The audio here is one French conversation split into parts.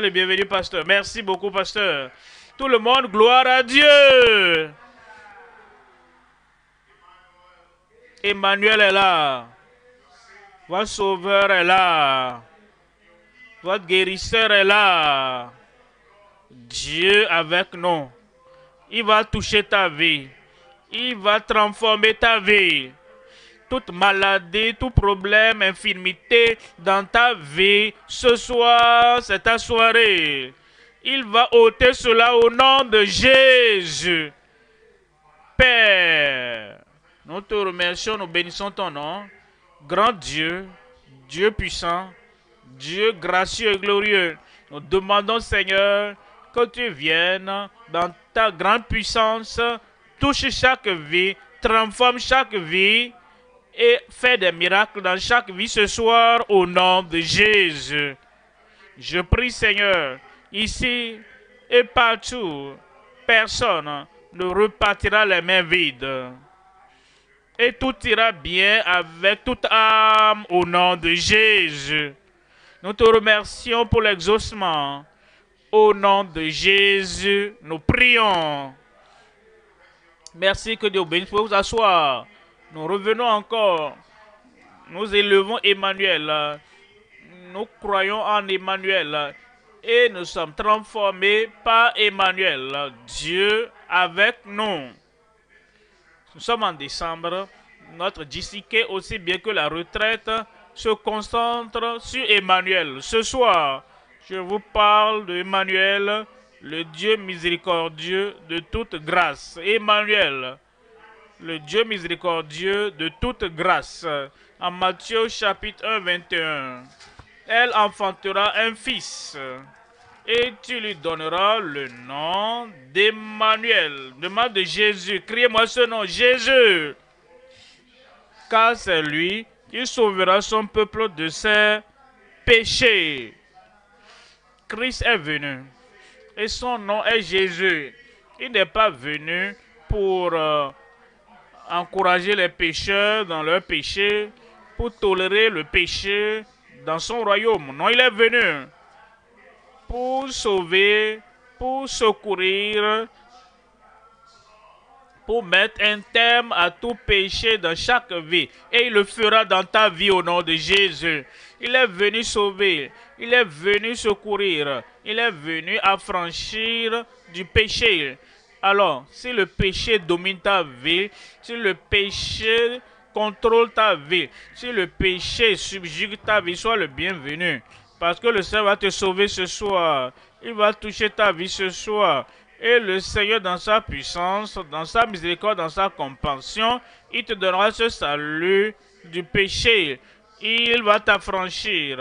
le bienvenue pasteur. Merci beaucoup, pasteur. Tout le monde, gloire à Dieu. Emmanuel est là. Votre sauveur est là. Votre guérisseur est là. Dieu avec nous. Il va toucher ta vie. Il va transformer ta vie toute maladie, tout problème, infirmité dans ta vie. Ce soir, c'est ta soirée. Il va ôter cela au nom de Jésus. Père, nous te remercions, nous bénissons ton nom. Grand Dieu, Dieu puissant, Dieu gracieux et glorieux, nous demandons, Seigneur, que tu viennes dans ta grande puissance, touche chaque vie, transforme chaque vie, et fais des miracles dans chaque vie ce soir au nom de Jésus. Je prie Seigneur, ici et partout, personne ne repartira les mains vides. Et tout ira bien avec toute âme au nom de Jésus. Nous te remercions pour l'exaucement. Au nom de Jésus, nous prions. Merci que Dieu bénisse. Vous vous asseoir. Nous revenons encore. Nous élevons Emmanuel. Nous croyons en Emmanuel. Et nous sommes transformés par Emmanuel. Dieu avec nous. Nous sommes en décembre. Notre disciqué, aussi bien que la retraite, se concentre sur Emmanuel. Ce soir, je vous parle d'Emmanuel, le Dieu miséricordieux de toute grâce. Emmanuel, le Dieu miséricordieux de toute grâce. En Matthieu chapitre 1, 21. Elle enfantera un fils et tu lui donneras le nom d'Emmanuel. Demande de Jésus. Criez-moi ce nom, Jésus. Car c'est lui qui sauvera son peuple de ses péchés. Christ est venu et son nom est Jésus. Il n'est pas venu pour... Euh, encourager les pécheurs dans leur péché pour tolérer le péché dans son royaume. Non, il est venu pour sauver, pour secourir, pour mettre un terme à tout péché dans chaque vie. Et il le fera dans ta vie au nom de Jésus. Il est venu sauver, il est venu secourir, il est venu affranchir du péché. Alors, si le péché domine ta vie, si le péché contrôle ta vie, si le péché subjugue ta vie, sois le bienvenu. Parce que le Seigneur va te sauver ce soir. Il va toucher ta vie ce soir. Et le Seigneur, dans sa puissance, dans sa miséricorde, dans sa compassion, il te donnera ce salut du péché. Il va t'affranchir.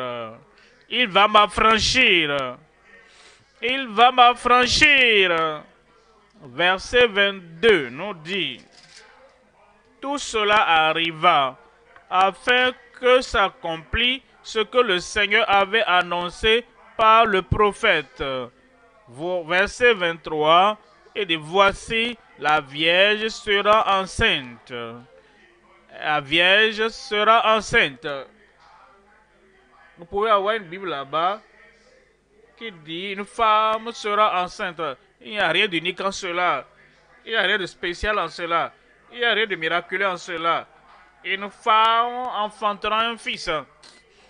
Il va m'affranchir. Il va m'affranchir verset 22 nous dit, Tout cela arriva afin que s'accomplit ce que le Seigneur avait annoncé par le prophète. Verset 23, et dit, voici, la Vierge sera enceinte. La Vierge sera enceinte. Vous pouvez avoir une Bible là-bas qui dit, une femme sera enceinte. Il n'y a rien d'unique en cela. Il n'y a rien de spécial en cela. Il n'y a rien de miraculeux en cela. Une femme enfantera un fils.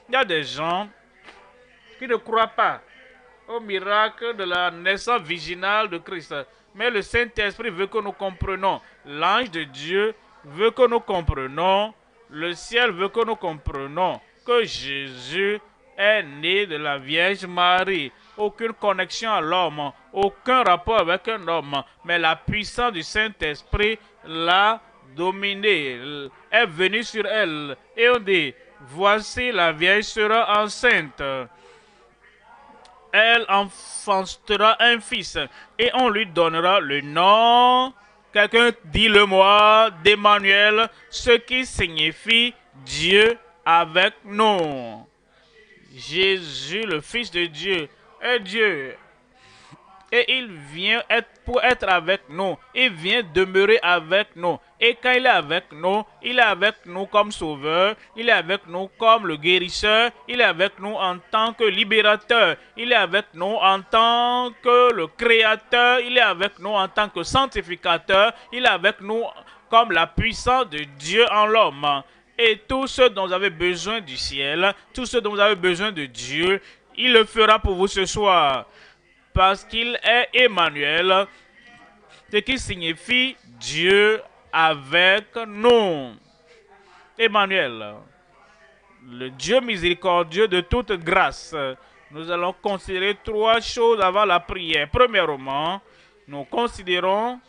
Il y a des gens qui ne croient pas au miracle de la naissance virginale de Christ. Mais le Saint-Esprit veut que nous comprenions. L'ange de Dieu veut que nous comprenions. Le ciel veut que nous comprenions que Jésus est né de la Vierge Marie aucune connexion à l'homme, aucun rapport avec un homme, mais la puissance du Saint-Esprit l'a dominée, est venue sur elle. Et on dit, voici la vieille sera enceinte. Elle enfantera un fils et on lui donnera le nom, quelqu'un dit le moi, d'Emmanuel, ce qui signifie Dieu avec nous. Jésus, le Fils de Dieu, et Dieu. Et il vient être pour être avec nous. Il vient demeurer avec nous. Et quand il est avec nous, il est avec nous comme sauveur, il est avec nous comme le guérisseur, il est avec nous en tant que libérateur, il est avec nous en tant que le créateur, il est avec nous en tant que sanctificateur, il est avec nous comme la puissance de Dieu en l'homme et tout ce dont vous avez besoin du ciel, tout ce dont vous avez besoin de Dieu, il le fera pour vous ce soir parce qu'il est Emmanuel, ce qui signifie Dieu avec nous. Emmanuel, le Dieu miséricordieux de toute grâce. Nous allons considérer trois choses avant la prière. Premièrement, nous considérons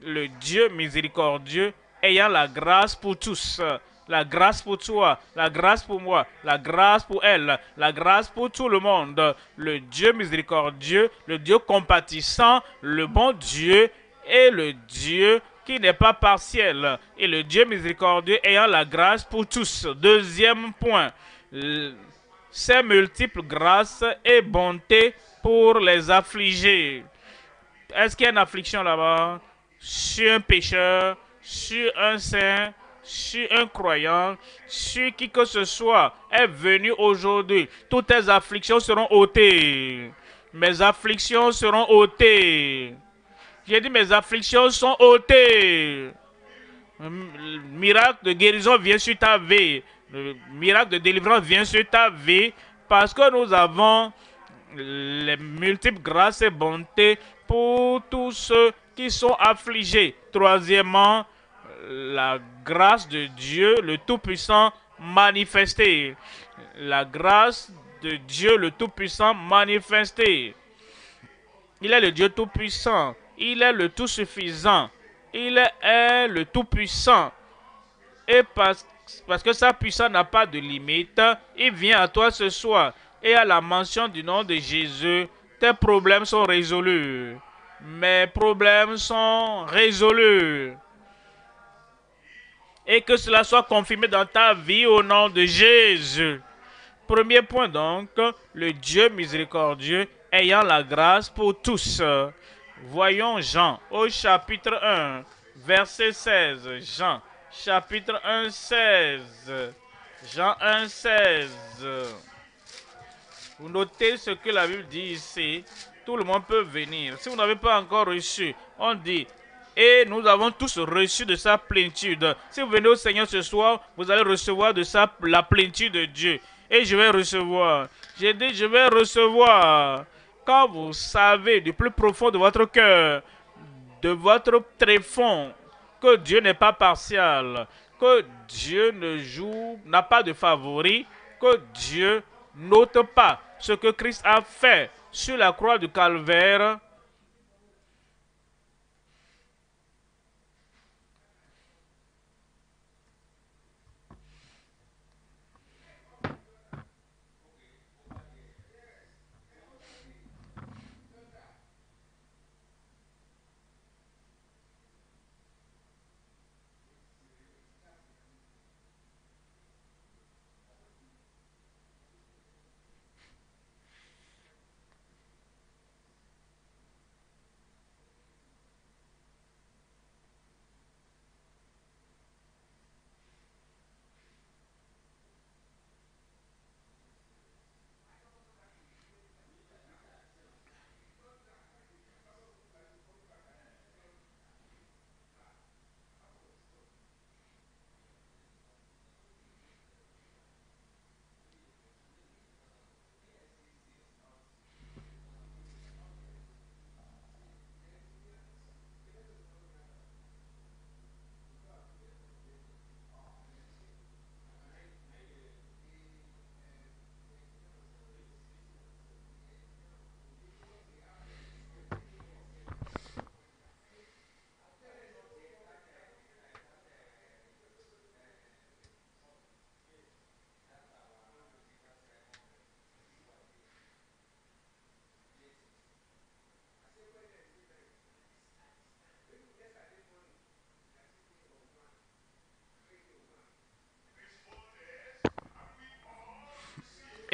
le Dieu miséricordieux ayant la grâce pour tous la grâce pour toi, la grâce pour moi, la grâce pour elle, la grâce pour tout le monde. Le Dieu miséricordieux, le Dieu compatissant, le bon Dieu et le Dieu qui n'est pas partiel et le Dieu miséricordieux ayant la grâce pour tous. Deuxième point, ses multiples grâces et bontés pour les affligés. Est-ce qu'il y a une affliction là-bas suis un pécheur, suis un saint, sur un croyant, sur qui que ce soit est venu aujourd'hui. Toutes tes afflictions seront ôtées. Mes afflictions seront ôtées. J'ai dit, mes afflictions sont ôtées. Le miracle de guérison vient sur ta vie. Le miracle de délivrance vient sur ta vie parce que nous avons les multiples grâces et bontés pour tous ceux qui sont affligés. Troisièmement, la grâce de Dieu le Tout-Puissant manifestée. La grâce de Dieu le Tout-Puissant manifestée. Il est le Dieu Tout-Puissant. Il est le Tout-Suffisant. Il est le Tout-Puissant. Et parce, que sa puissance n'a pas de limite, il vient à toi ce soir. Et à la mention du nom de Jésus, tes problèmes sont résolus. Mes problèmes sont résolus et que cela soit confirmé dans ta vie au nom de Jésus. Premier point donc, le Dieu miséricordieux ayant la grâce pour tous. Voyons Jean au chapitre 1, verset 16. Jean, chapitre 1, 16. Jean 1, 16. Vous notez ce que la Bible dit ici. Tout le monde peut venir. Si vous n'avez pas encore reçu, on dit, et nous avons tous reçu de sa plénitude. Si vous venez au Seigneur ce soir, vous allez recevoir de sa, la plénitude de Dieu. Et je vais recevoir. J'ai dit, je vais recevoir. Quand vous savez du plus profond de votre cœur, de votre tréfonds, que Dieu n'est pas partial, que Dieu ne joue, n'a pas de favori, que Dieu n'ôte pas ce que Christ a fait sur la croix du calvaire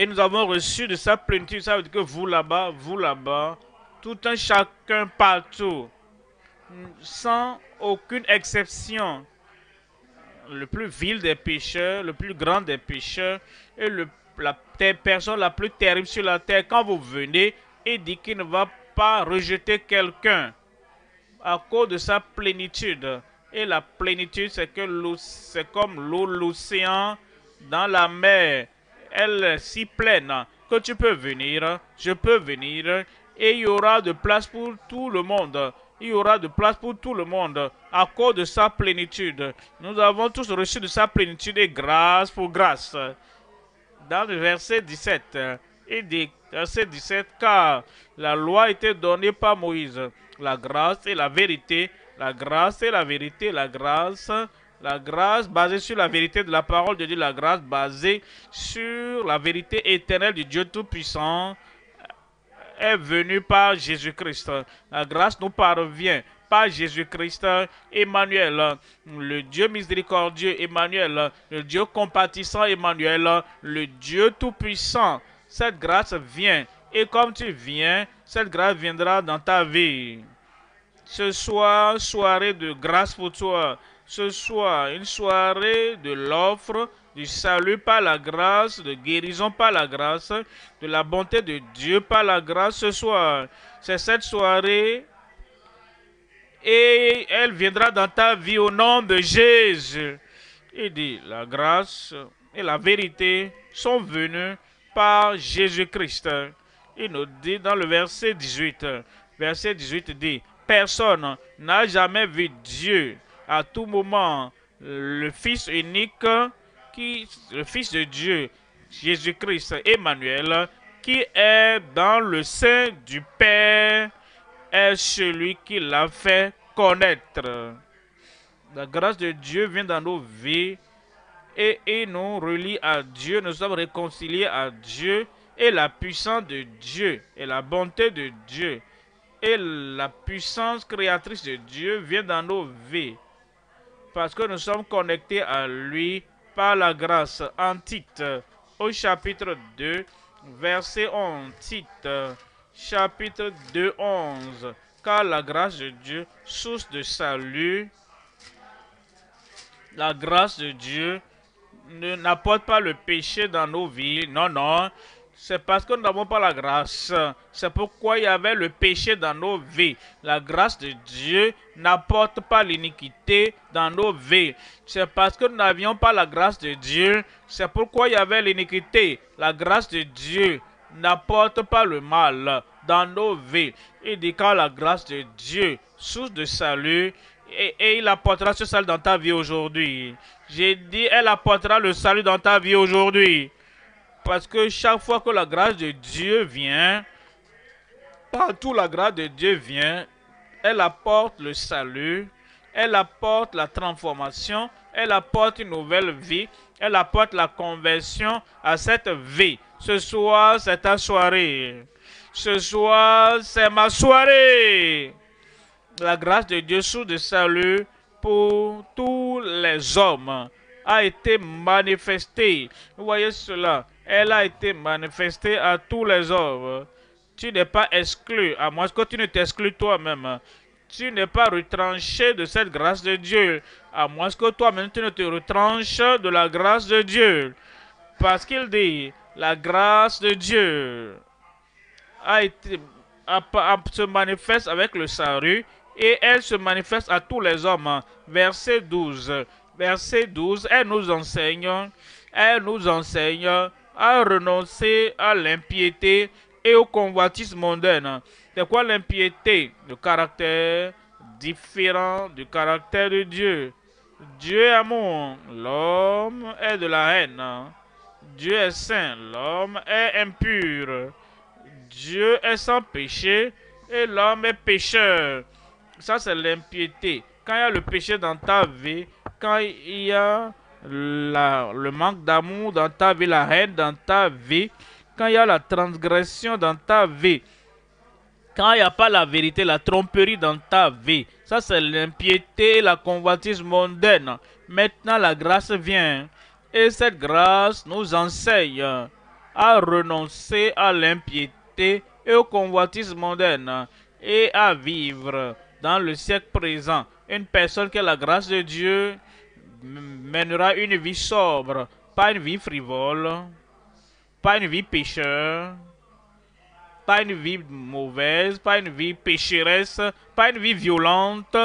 Et nous avons reçu de sa plénitude, ça veut dire que vous là-bas, vous là-bas, tout un chacun partout, sans aucune exception. Le plus vil des pécheurs, le plus grand des pécheurs, et le, la personne la plus terrible sur la terre, quand vous venez, il dit qu'il ne va pas rejeter quelqu'un à cause de sa plénitude. Et la plénitude, c'est que c'est comme l'eau, l'océan dans la mer. Elle est si pleine que tu peux venir, je peux venir, et il y aura de place pour tout le monde. Il y aura de place pour tout le monde à cause de sa plénitude. Nous avons tous reçu de sa plénitude et grâce pour grâce. Dans le verset 17, il dit, verset 17, car la loi était donnée par Moïse, la grâce et la vérité, la grâce et la vérité, la grâce la grâce basée sur la vérité de la parole de Dieu, la grâce basée sur la vérité éternelle du Dieu Tout-Puissant est venue par Jésus-Christ. La grâce nous parvient par Jésus-Christ, Emmanuel, le Dieu miséricordieux, Emmanuel, le Dieu compatissant, Emmanuel, le Dieu Tout-Puissant. Cette grâce vient. Et comme tu viens, cette grâce viendra dans ta vie. Ce soir, soirée de grâce pour toi ce soir, une soirée de l'offre du salut par la grâce, de guérison par la grâce, de la bonté de Dieu par la grâce ce soir. C'est cette soirée et elle viendra dans ta vie au nom de Jésus. Il dit, la grâce et la vérité sont venues par Jésus-Christ. Il nous dit dans le verset 18, verset 18 dit, personne n'a jamais vu Dieu à tout moment le Fils unique, qui, le Fils de Dieu, Jésus-Christ Emmanuel, qui est dans le sein du Père, est celui qui l'a fait connaître. La grâce de Dieu vient dans nos vies et, et nous relie à Dieu, nous sommes réconciliés à Dieu et la puissance de Dieu et la bonté de Dieu et la puissance créatrice de Dieu vient dans nos vies parce que nous sommes connectés à lui par la grâce. En au chapitre 2, verset 11. Tite, chapitre 2, 11. Car la grâce de Dieu, source de salut, la grâce de Dieu n'apporte pas le péché dans nos vies. Non, non, c'est parce que nous n'avons pas la grâce. C'est pourquoi il y avait le péché dans nos vies. La grâce de Dieu n'apporte pas l'iniquité dans nos vies. C'est parce que nous n'avions pas la grâce de Dieu. C'est pourquoi il y avait l'iniquité. La grâce de Dieu n'apporte pas le mal dans nos vies. Il dit quand la grâce de Dieu, source de salut, et, et, il apportera ce salut dans ta vie aujourd'hui. J'ai dit, elle apportera le salut dans ta vie aujourd'hui. Parce que chaque fois que la grâce de Dieu vient, partout la grâce de Dieu vient, elle apporte le salut, elle apporte la transformation, elle apporte une nouvelle vie, elle apporte la conversion à cette vie. Ce soir, c'est ta soirée. Ce soir, c'est ma soirée. La grâce de Dieu sous le salut pour tous les hommes a été manifestée. Vous voyez cela elle a été manifestée à tous les hommes. Tu n'es pas exclu, à moins que tu ne t'exclues toi-même. Tu n'es pas retranché de cette grâce de Dieu, à moins que toi-même tu ne te retranches de la grâce de Dieu. Parce qu'il dit, la grâce de Dieu a se manifeste avec le salut et elle se manifeste à tous les hommes. Verset 12. Verset 12, elle nous enseigne, elle nous enseigne à renoncer à l'impiété et au convoitisme mondain. C'est quoi l'impiété Le caractère différent du caractère de Dieu. Dieu est amour, l'homme est de la haine. Dieu est saint, l'homme est impur. Dieu est sans péché et l'homme est pécheur. Ça, c'est l'impiété. Quand il y a le péché dans ta vie, quand il y a la, le manque d'amour dans ta vie, la haine dans ta vie, quand il y a la transgression dans ta vie, quand il n'y a pas la vérité, la tromperie dans ta vie, ça c'est l'impiété, la convoitise mondaine. Maintenant la grâce vient et cette grâce nous enseigne à renoncer à l'impiété et au convoitise mondaine et à vivre dans le siècle présent. Une personne qui a la grâce de Dieu mènera une vie sobre, pas une vie frivole, pas une vie pécheur, pas une vie mauvaise, pas une vie pécheresse, pas une vie violente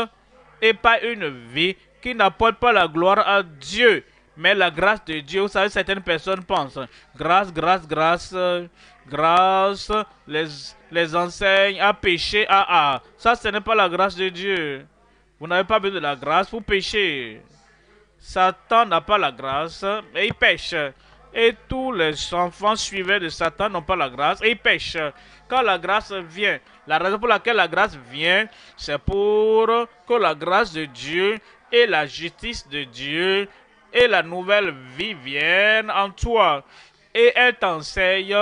et pas une vie qui n'apporte pas la gloire à Dieu. Mais la grâce de Dieu, vous savez, certaines personnes pensent, grâce, grâce, grâce, grâce, les, les enseignes à pécher, ah ah. Ça, ce n'est pas la grâce de Dieu. Vous n'avez pas besoin de la grâce pour pécher. Satan n'a pas la grâce et il pêche. Et tous les enfants suivants de Satan n'ont pas la grâce et ils pêchent. Quand la grâce vient, la raison pour laquelle la grâce vient, c'est pour que la grâce de Dieu et la justice de Dieu et la nouvelle vie viennent en toi. Et elle t'enseigne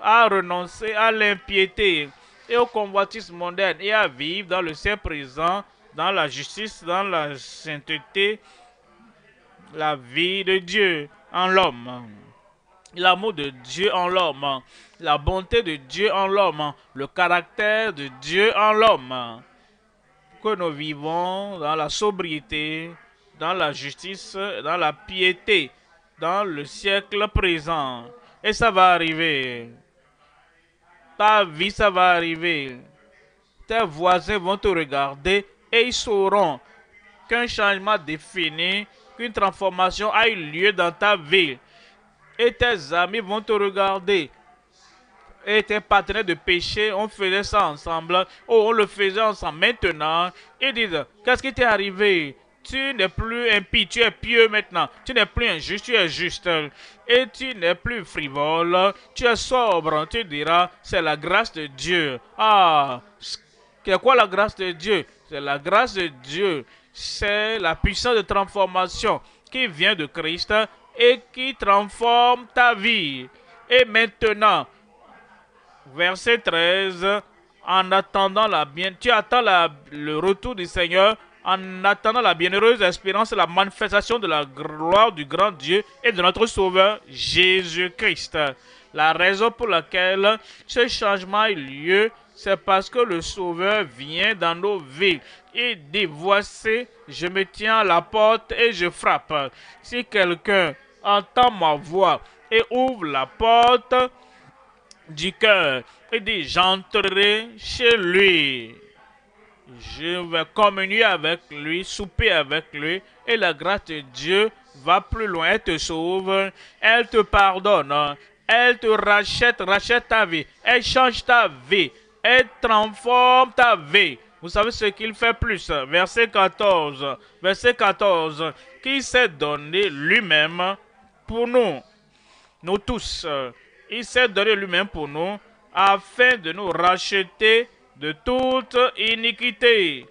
à renoncer à l'impiété et au convoitisme moderne et à vivre dans le Saint présent, dans la justice, dans la sainteté la vie de Dieu en l'homme. L'amour de Dieu en l'homme, la bonté de Dieu en l'homme, le caractère de Dieu en l'homme. Que nous vivons dans la sobriété, dans la justice, dans la piété, dans le siècle présent. Et ça va arriver. Ta vie, ça va arriver. Tes voisins vont te regarder et ils sauront qu'un changement défini qu'une transformation a eu lieu dans ta vie. Et tes amis vont te regarder. Et tes partenaires de péché, on faisait ça ensemble. Oh, on le faisait ensemble. Maintenant, ils disent, qu'est-ce qui t'est arrivé tu n'es plus impie, tu es pieux maintenant. Tu n'es plus injuste, tu es juste. Et tu n'es plus frivole, tu es sobre. Tu diras, c'est la grâce de Dieu. Ah, c'est quoi la grâce de Dieu C'est la grâce de Dieu c'est la puissance de transformation qui vient de Christ et qui transforme ta vie. Et maintenant, verset 13, en attendant la bien, tu attends le retour du Seigneur, en attendant la bienheureuse espérance, la manifestation de la gloire du grand Dieu et de notre Sauveur Jésus-Christ. La raison pour laquelle ce changement a lieu, c'est parce que le Sauveur vient dans nos vies et dit, voici, je me tiens à la porte et je frappe. Si quelqu'un entend ma voix et ouvre la porte du cœur et dit, j'entrerai chez lui. Je vais communier avec lui, souper avec lui, et la grâce de Dieu va plus loin. Elle te sauve, elle te pardonne, elle te rachète, rachète ta vie, elle change ta vie, elle transforme ta vie. Vous savez ce qu'il fait plus. Verset 14. Verset 14. Qui s'est donné lui-même pour nous. Nous tous. Il s'est donné lui-même pour nous afin de nous racheter de toute iniquité.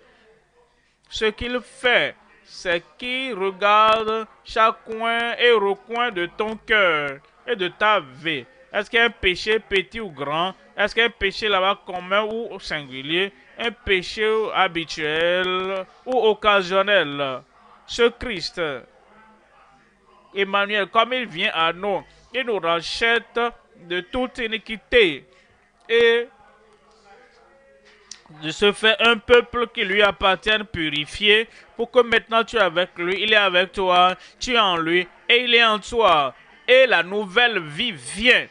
Ce qu'il fait, c'est qu'il regarde chaque coin et recoin de ton cœur et de ta vie. Est-ce qu'il y a un péché petit ou grand? Est-ce qu'il y a un péché là-bas commun ou singulier? un péché habituel ou occasionnel. Ce Christ, Emmanuel, comme il vient à nous, il nous rachète de toute iniquité et de se fait un peuple qui lui appartient purifié pour que maintenant tu es avec lui, il est avec toi, tu es en lui et il est en toi. Et la nouvelle vie vient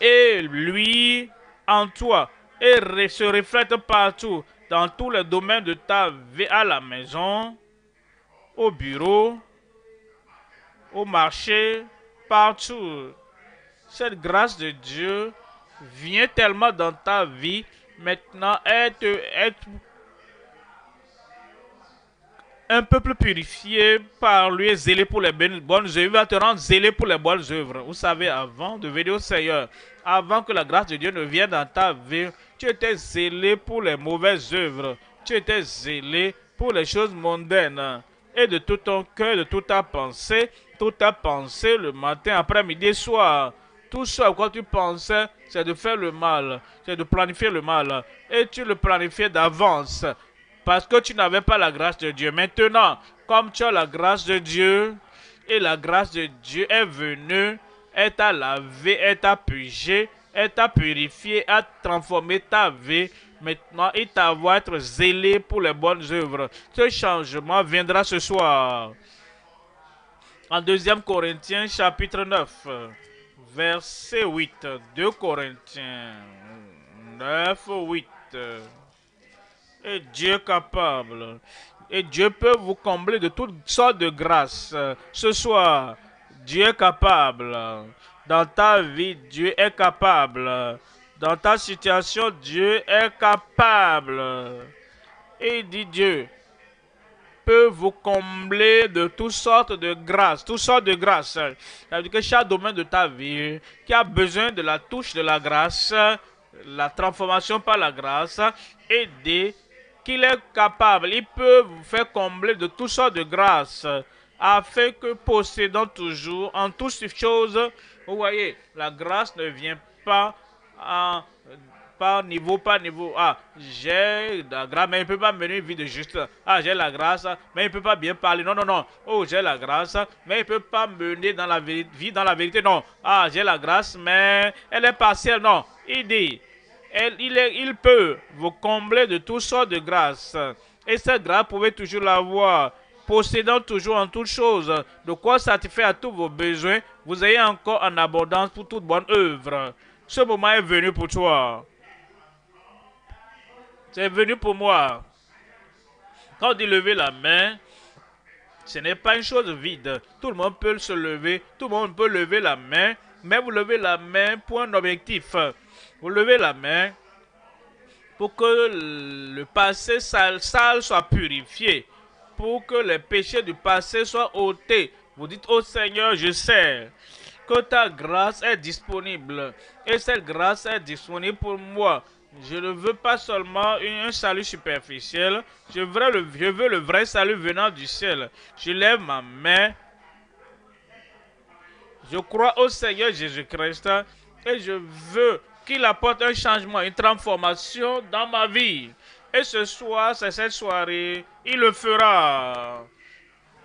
et lui en toi et se reflète partout, dans tous les domaines de ta vie, à la maison, au bureau, au marché, partout. Cette grâce de Dieu vient tellement dans ta vie maintenant être, être un peuple purifié par lui, zélé pour les bonnes œuvres, va te rendre zélé pour les bonnes œuvres. Vous savez, avant de venir au Seigneur, avant que la grâce de Dieu ne vienne dans ta vie, tu étais zélé pour les mauvaises œuvres, tu étais zélé pour les choses mondaines. Et de tout ton cœur, de toute ta pensée, toute ta pensée le matin, après-midi, soir, tout ce à quoi tu pensais, c'est de faire le mal, c'est de planifier le mal. Et tu le planifiais d'avance parce que tu n'avais pas la grâce de Dieu. Maintenant, comme tu as la grâce de Dieu, et la grâce de Dieu est venue, est à lavé, elle t'a purgé, est à purifié, à transformé ta vie. Maintenant, il t'a être zélé pour les bonnes œuvres. Ce changement viendra ce soir. En 2 Corinthiens, chapitre 9, verset 8. 2 Corinthiens 9, 8. Et Dieu capable. Et Dieu peut vous combler de toutes sortes de grâces. Ce soir, Dieu est capable. Dans ta vie, Dieu est capable. Dans ta situation, Dieu est capable. Et dit Dieu peut vous combler de toutes sortes de grâces, toutes sortes de grâces. C'est-à-dire que chaque domaine de ta vie qui a besoin de la touche de la grâce, la transformation par la grâce, aider qu'il est capable. Il peut vous faire combler de toutes sortes de grâces afin que possédant toujours en toutes choses, vous voyez, la grâce ne vient pas à par niveau, par niveau. Ah, j'ai la grâce, mais il ne peut pas mener une vie de juste. Ah, j'ai la grâce, mais il ne peut pas bien parler. Non, non, non. Oh, j'ai la grâce, mais il ne peut pas mener dans la vie dans la vérité. Non. Ah, j'ai la grâce, mais elle est partielle. Non. Il dit, il, il peut vous combler de toutes sortes de grâces. Et cette grâce, vous pouvez toujours l'avoir possédant toujours en toutes choses de quoi satisfaire à tous vos besoins, vous ayez encore en abondance pour toute bonne œuvre. Ce moment est venu pour toi. C'est venu pour moi. Quand on dit lever la main, ce n'est pas une chose vide. Tout le monde peut se lever, tout le monde peut lever la main, mais vous levez la main pour un objectif. Vous levez la main pour que le passé sale soit purifié pour que les péchés du passé soient ôtés. Vous dites, au oh Seigneur, je sais que ta grâce est disponible. Et cette grâce est disponible pour moi. Je ne veux pas seulement un salut superficiel. Je veux le, je veux le vrai salut venant du ciel. Je lève ma main. Je crois au Seigneur Jésus-Christ et je veux qu'il apporte un changement, une transformation dans ma vie. Et ce soir, c'est cette soirée, il le fera.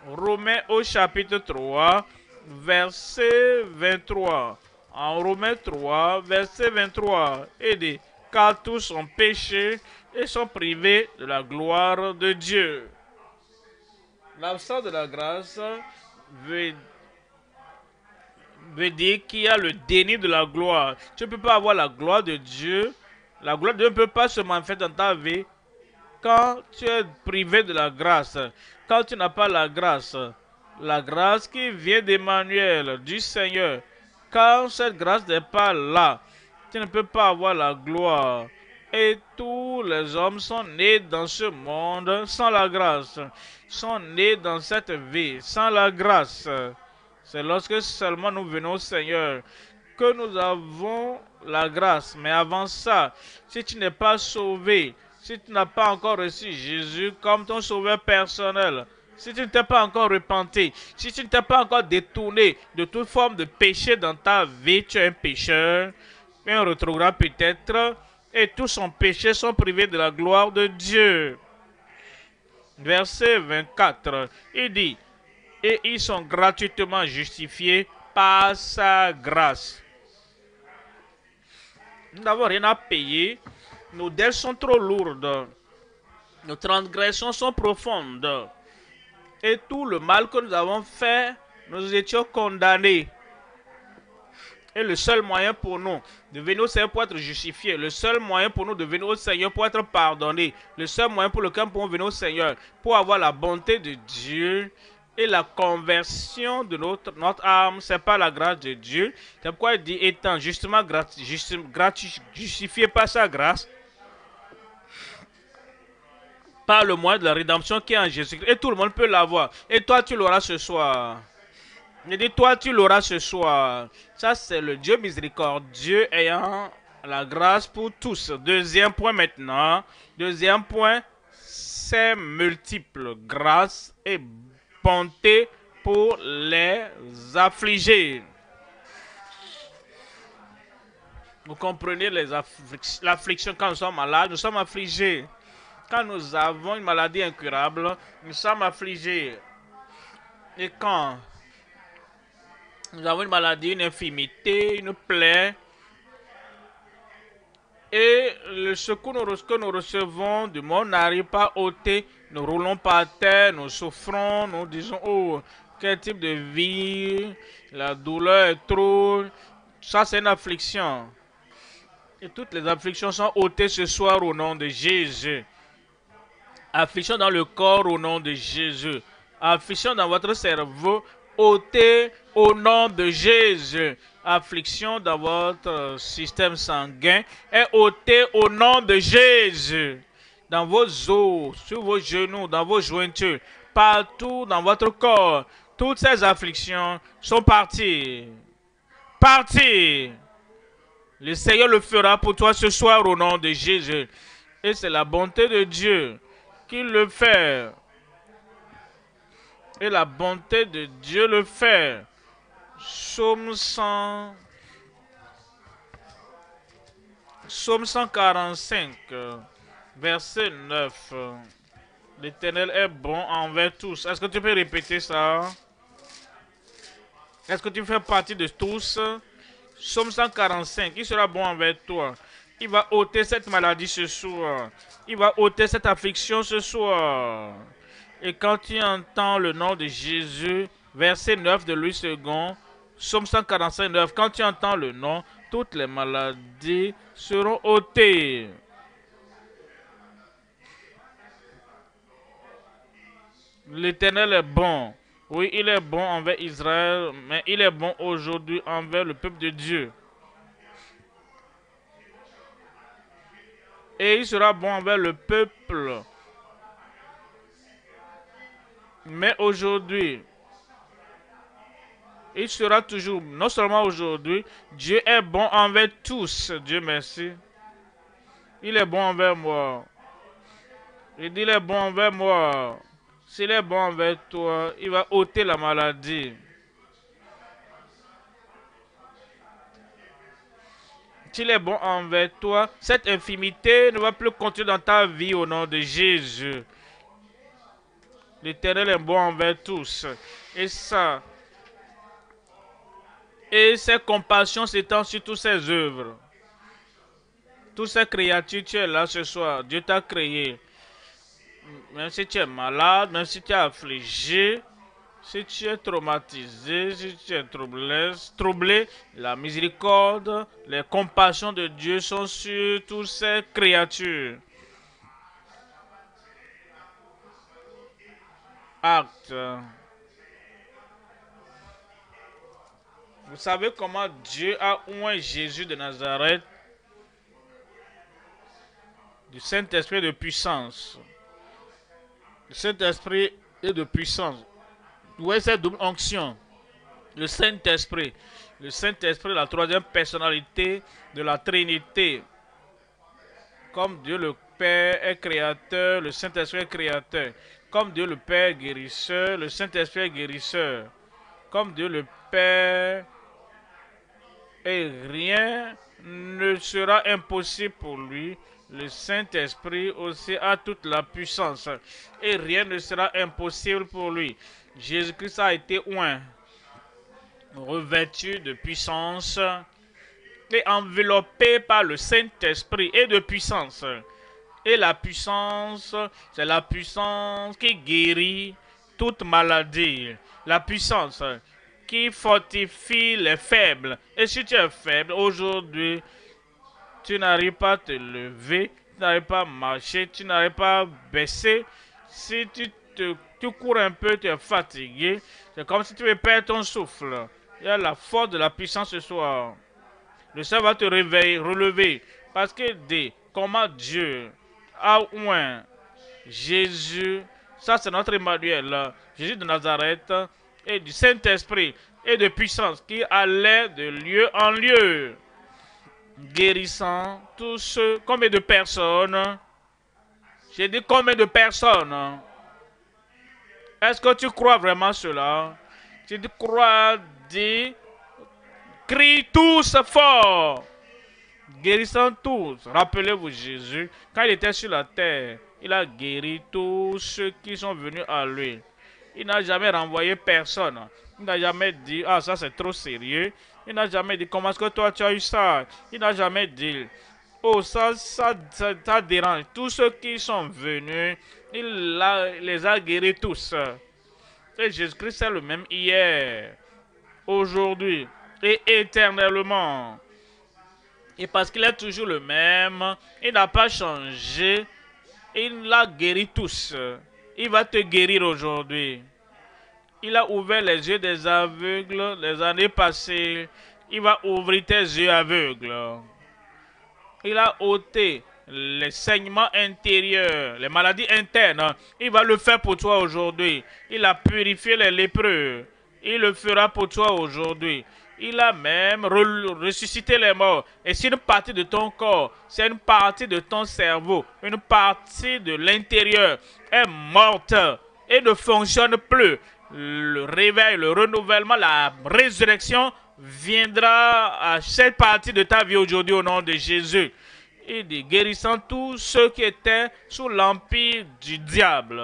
Romains au chapitre 3, verset 23. En Romains 3, verset 23, il dit, car tous ont péché et sont privés de la gloire de Dieu. L'absence de la grâce veut, dire qu'il y a le déni de la gloire. Tu ne peux pas avoir la gloire de Dieu. La gloire de Dieu ne peut pas se manifester dans ta vie quand tu es privé de la grâce, quand tu n'as pas la grâce, la grâce qui vient d'Emmanuel, du Seigneur, quand cette grâce n'est pas là, tu ne peux pas avoir la gloire. Et tous les hommes sont nés dans ce monde sans la grâce, sont nés dans cette vie sans la grâce. C'est lorsque seulement nous venons au Seigneur que nous avons la grâce. Mais avant ça, si tu n'es pas sauvé, si tu n'as pas encore reçu Jésus comme ton sauveur personnel, si tu ne t'es pas encore repenti, si tu ne t'es pas encore détourné de toute forme de péché dans ta vie, tu es un pécheur, Mais on retrouvera peut-être, et tous son péché sont privés de la gloire de Dieu. Verset 24, il dit, et ils sont gratuitement justifiés par sa grâce. Nous n'avons rien à payer nos dettes sont trop lourdes. Nos transgressions sont profondes. Et tout le mal que nous avons fait, nous étions condamnés. Et le seul moyen pour nous de venir au Seigneur pour être justifié le seul moyen pour nous de venir au Seigneur pour être pardonné le seul moyen pour lequel nous pouvons venir au Seigneur, pour avoir la bonté de Dieu, et la conversion de notre, notre âme, c'est pas la grâce de Dieu. C'est pourquoi il dit, étant justement justifié par sa grâce, par le moyen de la rédemption qui est en Jésus-Christ. Et tout le monde peut l'avoir. Et toi, tu l'auras ce soir. Mais dis, toi, tu l'auras ce soir. Ça, c'est le Dieu miséricordieux Dieu ayant la grâce pour tous. Deuxième point maintenant. Deuxième point, C'est multiples Grâce et bonté pour les affligés. Vous comprenez l'affliction quand nous sommes malades, nous sommes affligés. Quand nous avons une maladie incurable, nous sommes affligés. Et quand nous avons une maladie, une infimité, une plaie, et le secours que nous recevons du monde n'arrive pas à ôter. Nous roulons par terre, nous souffrons, nous disons, oh, quel type de vie, la douleur est trop. Ça, c'est une affliction. Et toutes les afflictions sont ôtées ce soir au nom de Jésus affliction dans le corps au nom de Jésus. Affliction dans votre cerveau, ôtez au nom de Jésus. Affliction dans votre système sanguin est ôté au nom de Jésus. Dans vos os, sur vos genoux, dans vos jointures, partout dans votre corps, toutes ces afflictions sont parties. Parties. Le Seigneur le fera pour toi ce soir au nom de Jésus. Et c'est la bonté de Dieu qu'il le fait. Et la bonté de Dieu le fait. Psaume 145, verset 9. L'Éternel est bon envers tous. Est-ce que tu peux répéter ça? Est-ce que tu fais partie de tous? Psaume 145, il sera bon envers toi. Il va ôter cette maladie ce soir. Il va ôter cette affliction ce soir. Et quand tu entends le nom de Jésus, verset 9 de Louis II, Psaume 145, 9, quand tu entends le nom, toutes les maladies seront ôtées. L'Éternel est bon. Oui, il est bon envers Israël, mais il est bon aujourd'hui envers le peuple de Dieu. et il sera bon envers le peuple. Mais aujourd'hui, il sera toujours, non seulement aujourd'hui, Dieu est bon envers tous. Dieu merci. Il est bon envers moi. Il dit, il est bon envers moi. S'il est bon envers toi, il va ôter la maladie. il est bon envers toi, cette infimité ne va plus continuer dans ta vie au nom de Jésus. L'Éternel est bon envers tous. Et ça, et ses compassion s'étend sur toutes ses œuvres. Toutes ces créatures, tu es là ce soir. Dieu t'a créé. Même si tu es malade, même si tu es affligé, si tu es traumatisé, si tu es troublé, la miséricorde, les compassions de Dieu sont sur toutes ces créatures. Acte. Vous savez comment Dieu a oint Jésus de Nazareth du Saint-Esprit de puissance. Le Saint-Esprit est de puissance est cette double onction, le Saint-Esprit. Le Saint-Esprit, la troisième personnalité de la Trinité. Comme Dieu le Père est créateur, le Saint-Esprit est créateur. Comme Dieu le Père est guérisseur, le Saint-Esprit est guérisseur. Comme Dieu le Père et rien ne sera impossible pour lui. Le Saint-Esprit aussi a toute la puissance et rien ne sera impossible pour lui. Jésus-Christ a été oint, revêtu de puissance et enveloppé par le Saint-Esprit et de puissance. Et la puissance, c'est la puissance qui guérit toute maladie. La puissance qui fortifie les faibles. Et si tu es faible aujourd'hui, tu n'arrives pas à te lever, tu n'arrives pas à marcher, tu n'arrives pas à baisser. Si tu te tu cours un peu, tu es fatigué. C'est comme si tu perdre ton souffle. Il y a la force de la puissance ce soir. Le Seigneur va te réveiller, relever. Parce que dit comment Dieu a moins Jésus. Ça, c'est notre Emmanuel. Jésus de Nazareth et du Saint-Esprit et de puissance qui allait de lieu en lieu, guérissant tous ceux, combien de personnes J'ai dit combien de personnes est-ce que tu crois vraiment cela Tu crois, dis, crie tous fort, guérissant tous. Rappelez-vous Jésus, quand il était sur la terre, il a guéri tous ceux qui sont venus à lui. Il n'a jamais renvoyé personne. Il n'a jamais dit, ah ça c'est trop sérieux. Il n'a jamais dit, comment est-ce que toi tu as eu ça Il n'a jamais dit, oh ça, ça, ça dérange. Tous ceux qui sont venus il les a guéris tous. Et Jésus-Christ est le même hier, aujourd'hui et éternellement. Et parce qu'il est toujours le même, il n'a pas changé, il l'a guéri tous. Il va te guérir aujourd'hui. Il a ouvert les yeux des aveugles les années passées. Il va ouvrir tes yeux aveugles. Il a ôté les saignements intérieurs, les maladies internes. Hein, il va le faire pour toi aujourd'hui. Il a purifié les lépreux. Il le fera pour toi aujourd'hui. Il a même ressuscité les morts. Et si une partie de ton corps, c'est une partie de ton cerveau, une partie de l'intérieur est morte et ne fonctionne plus. Le réveil, le renouvellement, la résurrection viendra à cette partie de ta vie aujourd'hui au nom de Jésus il dit, guérissant tous ceux qui étaient sous l'empire du diable.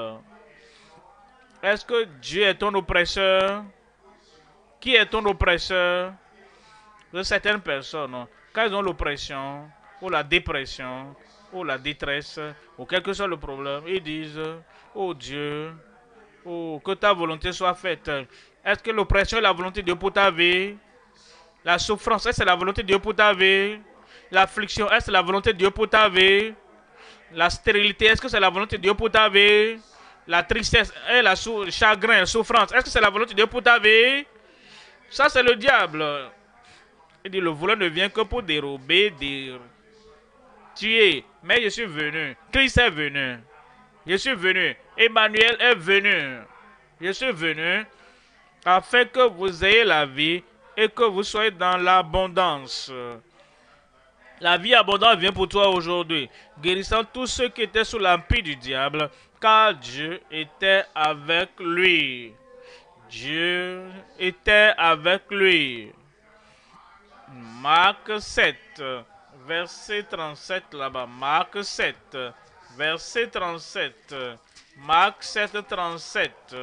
Est-ce que Dieu est ton oppresseur? Qui est ton oppresseur? De certaines personnes, quand elles ont l'oppression, ou la dépression, ou la détresse, ou quel que soit le problème, ils disent, oh Dieu, oh, que ta volonté soit faite. Est-ce que l'oppression est la volonté de Dieu pour ta vie? La souffrance, est-ce que c'est la volonté de Dieu pour ta vie? L'affliction, est-ce la volonté de Dieu pour ta vie La stérilité, est-ce que c'est la volonté de Dieu pour ta vie La tristesse, et la chagrin, la souffrance, est-ce que c'est la volonté de Dieu pour ta vie Ça, c'est le diable. Il dit, le voleur ne vient que pour dérober, dire, tuer. Mais je suis venu. Christ est venu. Je suis venu. Emmanuel est venu. Je suis venu afin que vous ayez la vie et que vous soyez dans l'abondance. La vie abondante vient pour toi aujourd'hui, guérissant tous ceux qui étaient sous l'empire du diable, car Dieu était avec lui. Dieu était avec lui. Marc 7, verset 37 là-bas. Marc 7, verset 37. Marc 7, 37.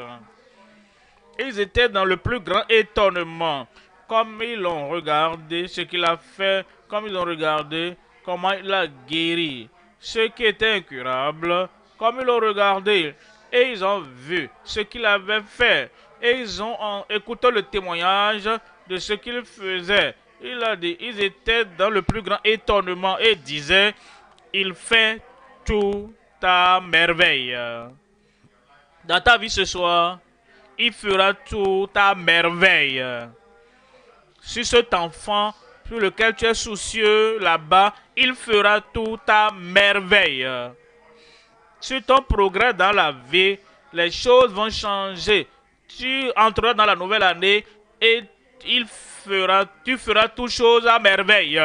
Ils étaient dans le plus grand étonnement comme ils l'ont regardé, ce qu'il a fait, comme ils ont regardé, comment il a guéri ce qui était incurable, comme ils l'ont regardé, et ils ont vu ce qu'il avait fait, et ils ont écouté le témoignage de ce qu'il faisait. Il a dit, ils étaient dans le plus grand étonnement et disaient, il fait tout ta merveille. Dans ta vie ce soir, il fera tout à merveille sur cet enfant sur lequel tu es soucieux là-bas, il fera tout à merveille. Sur ton progrès dans la vie, les choses vont changer. Tu entreras dans la nouvelle année et il fera, tu feras tout chose à merveille.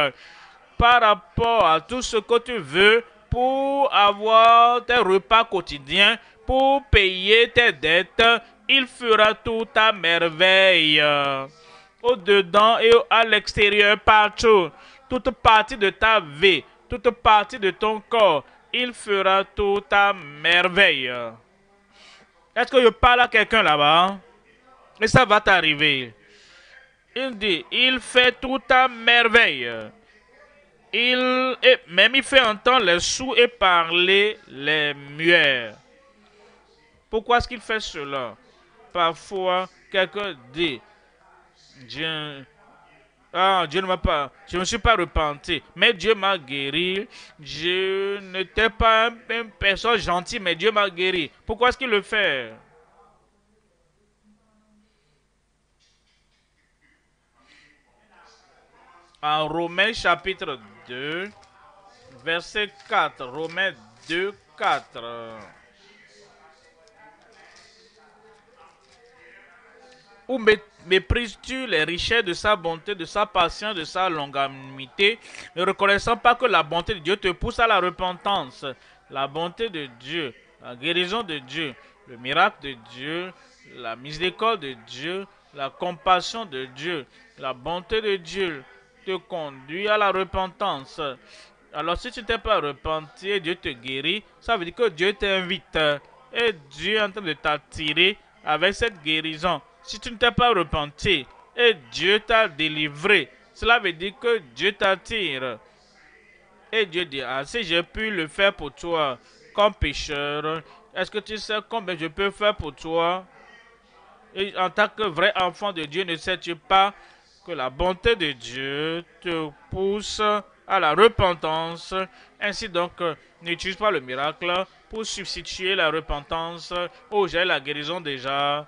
Par rapport à tout ce que tu veux pour avoir tes repas quotidiens, pour payer tes dettes, il fera tout à merveille au-dedans et à l'extérieur, partout, toute partie de ta vie, toute partie de ton corps, il fera tout ta merveille. Est-ce que je parle à quelqu'un là-bas? Et ça va t'arriver. Il dit, il fait tout à merveille. Il, et même il fait entendre les sous et parler les muets. Pourquoi est-ce qu'il fait cela? Parfois, quelqu'un dit, Dieu, ah, Dieu ne m'a pas, je ne me suis pas repenti, mais Dieu m'a guéri. Je n'étais pas une personne gentille, mais Dieu m'a guéri. Pourquoi est-ce qu'il le fait En Romains chapitre 2, verset 4, Romains 2, 4. Ou mettez Méprises-tu les richesses de sa bonté, de sa patience, de sa longanimité, ne reconnaissant pas que la bonté de Dieu te pousse à la repentance La bonté de Dieu, la guérison de Dieu, le miracle de Dieu, la miséricorde de Dieu, la compassion de Dieu, la bonté de Dieu te conduit à la repentance. Alors si tu t'es pas repenti et Dieu te guérit, ça veut dire que Dieu t'invite. Et Dieu est en train de t'attirer avec cette guérison. Si tu ne t'es pas repenti et Dieu t'a délivré, cela veut dire que Dieu t'attire. Et Dieu dit, ah, si j'ai pu le faire pour toi comme pécheur, est-ce que tu sais combien je peux faire pour toi? Et en tant que vrai enfant de Dieu, ne sais-tu pas que la bonté de Dieu te pousse à la repentance. Ainsi donc, n'utilise pas le miracle pour substituer la repentance. Oh, j'ai la guérison déjà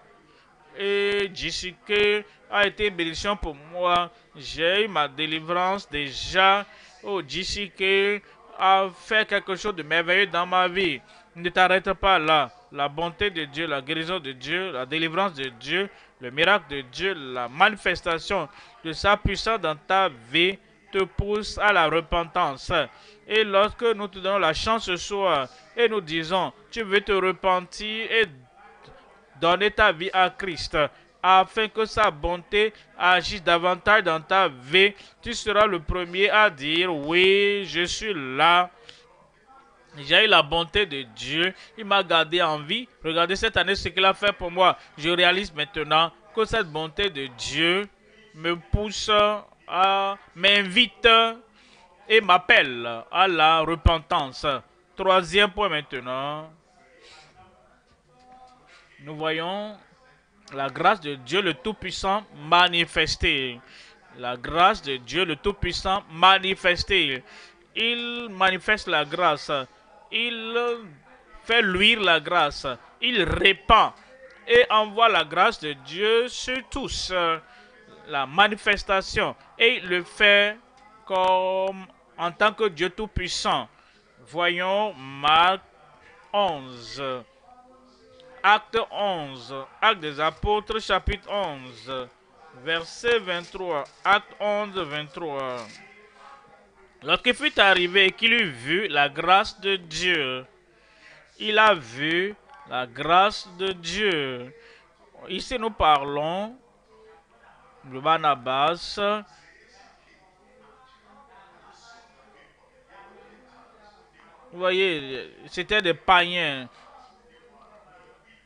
et Jessica a été une pour moi. J'ai eu ma délivrance déjà. Oh, Jessica a fait quelque chose de merveilleux dans ma vie. Ne t'arrête pas là. La bonté de Dieu, la guérison de Dieu, la délivrance de Dieu, le miracle de Dieu, la manifestation de sa puissance dans ta vie te pousse à la repentance. Et lorsque nous te donnons la chance ce soir et nous disons, tu veux te repentir et donner ta vie à Christ afin que sa bonté agisse davantage dans ta vie, tu seras le premier à dire, oui, je suis là. J'ai eu la bonté de Dieu. Il m'a gardé en vie. Regardez cette année ce qu'il a fait pour moi. Je réalise maintenant que cette bonté de Dieu me pousse à, m'invite et m'appelle à la repentance. Troisième point maintenant nous voyons la grâce de Dieu le Tout-Puissant manifester. La grâce de Dieu le Tout-Puissant manifester. Il manifeste la grâce. Il fait luire la grâce. Il répand et envoie la grâce de Dieu sur tous. La manifestation. Et il le fait comme en tant que Dieu Tout-Puissant. Voyons Marc 11. Acte 11, Acte des Apôtres, chapitre 11, verset 23. Acte 11, 23. Lorsqu'il fut arrivé et qu'il eut vu la grâce de Dieu, il a vu la grâce de Dieu. Ici, nous parlons de Barnabas. Vous voyez, c'était des païens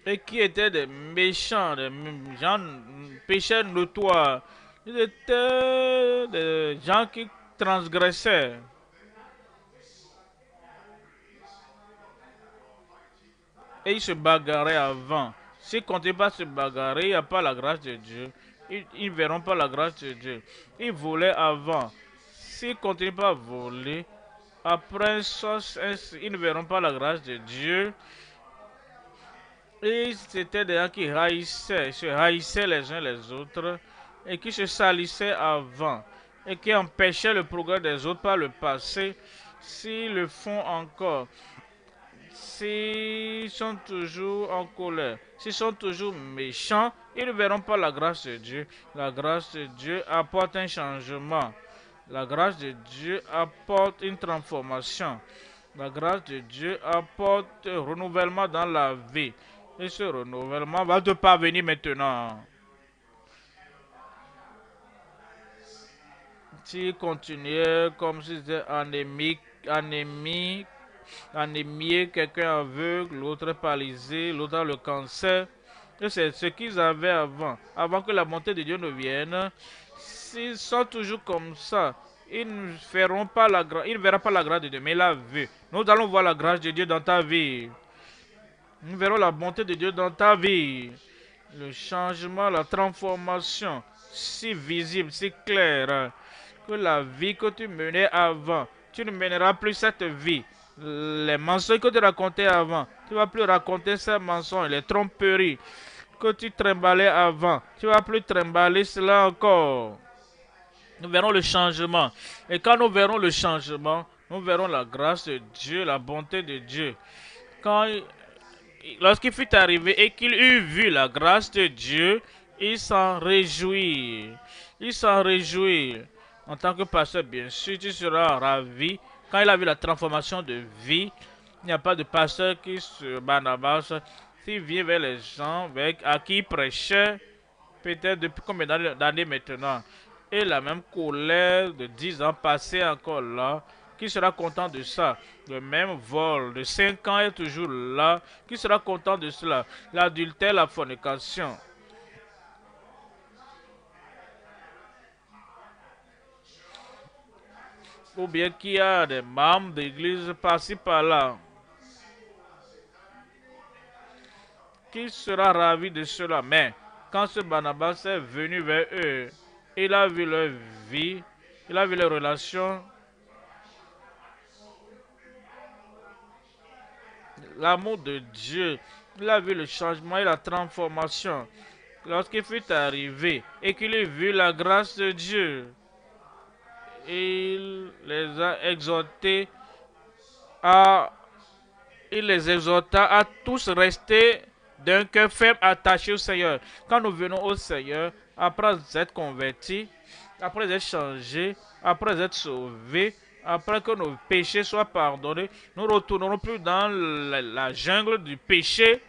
et qui étaient des méchants, des gens, pécheurs notoires. Ils étaient des gens qui transgressaient. Et ils se bagarraient avant. S'ils ne continuent pas se bagarrer, il n'y a pas la grâce de Dieu. Ils ne verront pas la grâce de Dieu. Ils volaient avant. S'ils ne continuent pas à voler, après ça, ils ne verront pas la grâce de Dieu. Et c'était des gens qui haïssaient, se haïssaient les uns les autres et qui se salissaient avant et qui empêchaient le progrès des autres par le passé s'ils le font encore. S'ils sont toujours en colère, s'ils sont toujours méchants, ils ne verront pas la grâce de Dieu. La grâce de Dieu apporte un changement. La grâce de Dieu apporte une transformation. La grâce de Dieu apporte un renouvellement dans la vie. Et ce renouvellement va te parvenir maintenant. s'ils continuent comme si c'était anémique, anémique, anémié, quelqu'un aveugle, l'autre paralysé, l'autre le cancer. Et c'est ce qu'ils avaient avant. Avant que la montée de Dieu ne vienne, s'ils sont toujours comme ça, ils ne feront pas la grâce, ils verront pas la grâce de Dieu. Mais la vue Nous allons voir la grâce de Dieu dans ta vie. Nous verrons la bonté de Dieu dans ta vie. Le changement, la transformation, si visible, si claire, que la vie que tu menais avant, tu ne mèneras plus cette vie. Les mensonges que tu racontais avant, tu ne vas plus raconter ces mensonges, les tromperies que tu trimbalais avant, tu ne vas plus trimballer cela encore. Nous verrons le changement. Et quand nous verrons le changement, nous verrons la grâce de Dieu, la bonté de Dieu. Quand lorsqu'il fut arrivé et qu'il eut vu la grâce de Dieu, il s'en réjouit. Il s'en réjouit. En tant que pasteur, bien sûr, tu seras ravi. Quand il a vu la transformation de vie, il n'y a pas de pasteur qui se Barnabas, s'il vient vers les gens avec, à qui il prêchait, peut-être depuis combien d'années maintenant. Et la même colère de 10 ans passés encore là, qui sera content de ça Le même vol de 5 ans est toujours là. Qui sera content de cela L'adultère, la fornication. Ou bien y a des membres d'église par-ci par-là. Qui sera ravi de cela Mais quand ce Barnabas est venu vers eux, il a vu leur vie, il a vu leurs relations l'amour de Dieu. Il a vu le changement et la transformation. Lorsqu'il fut arrivé et qu'il a vu la grâce de Dieu, il les a exhortés à, il les exhorta à tous rester d'un cœur ferme attaché au Seigneur. Quand nous venons au Seigneur, après être convertis, après être changés, après être sauvés, après que nos péchés soient pardonnés, nous ne retournerons plus dans la, jungle du péché.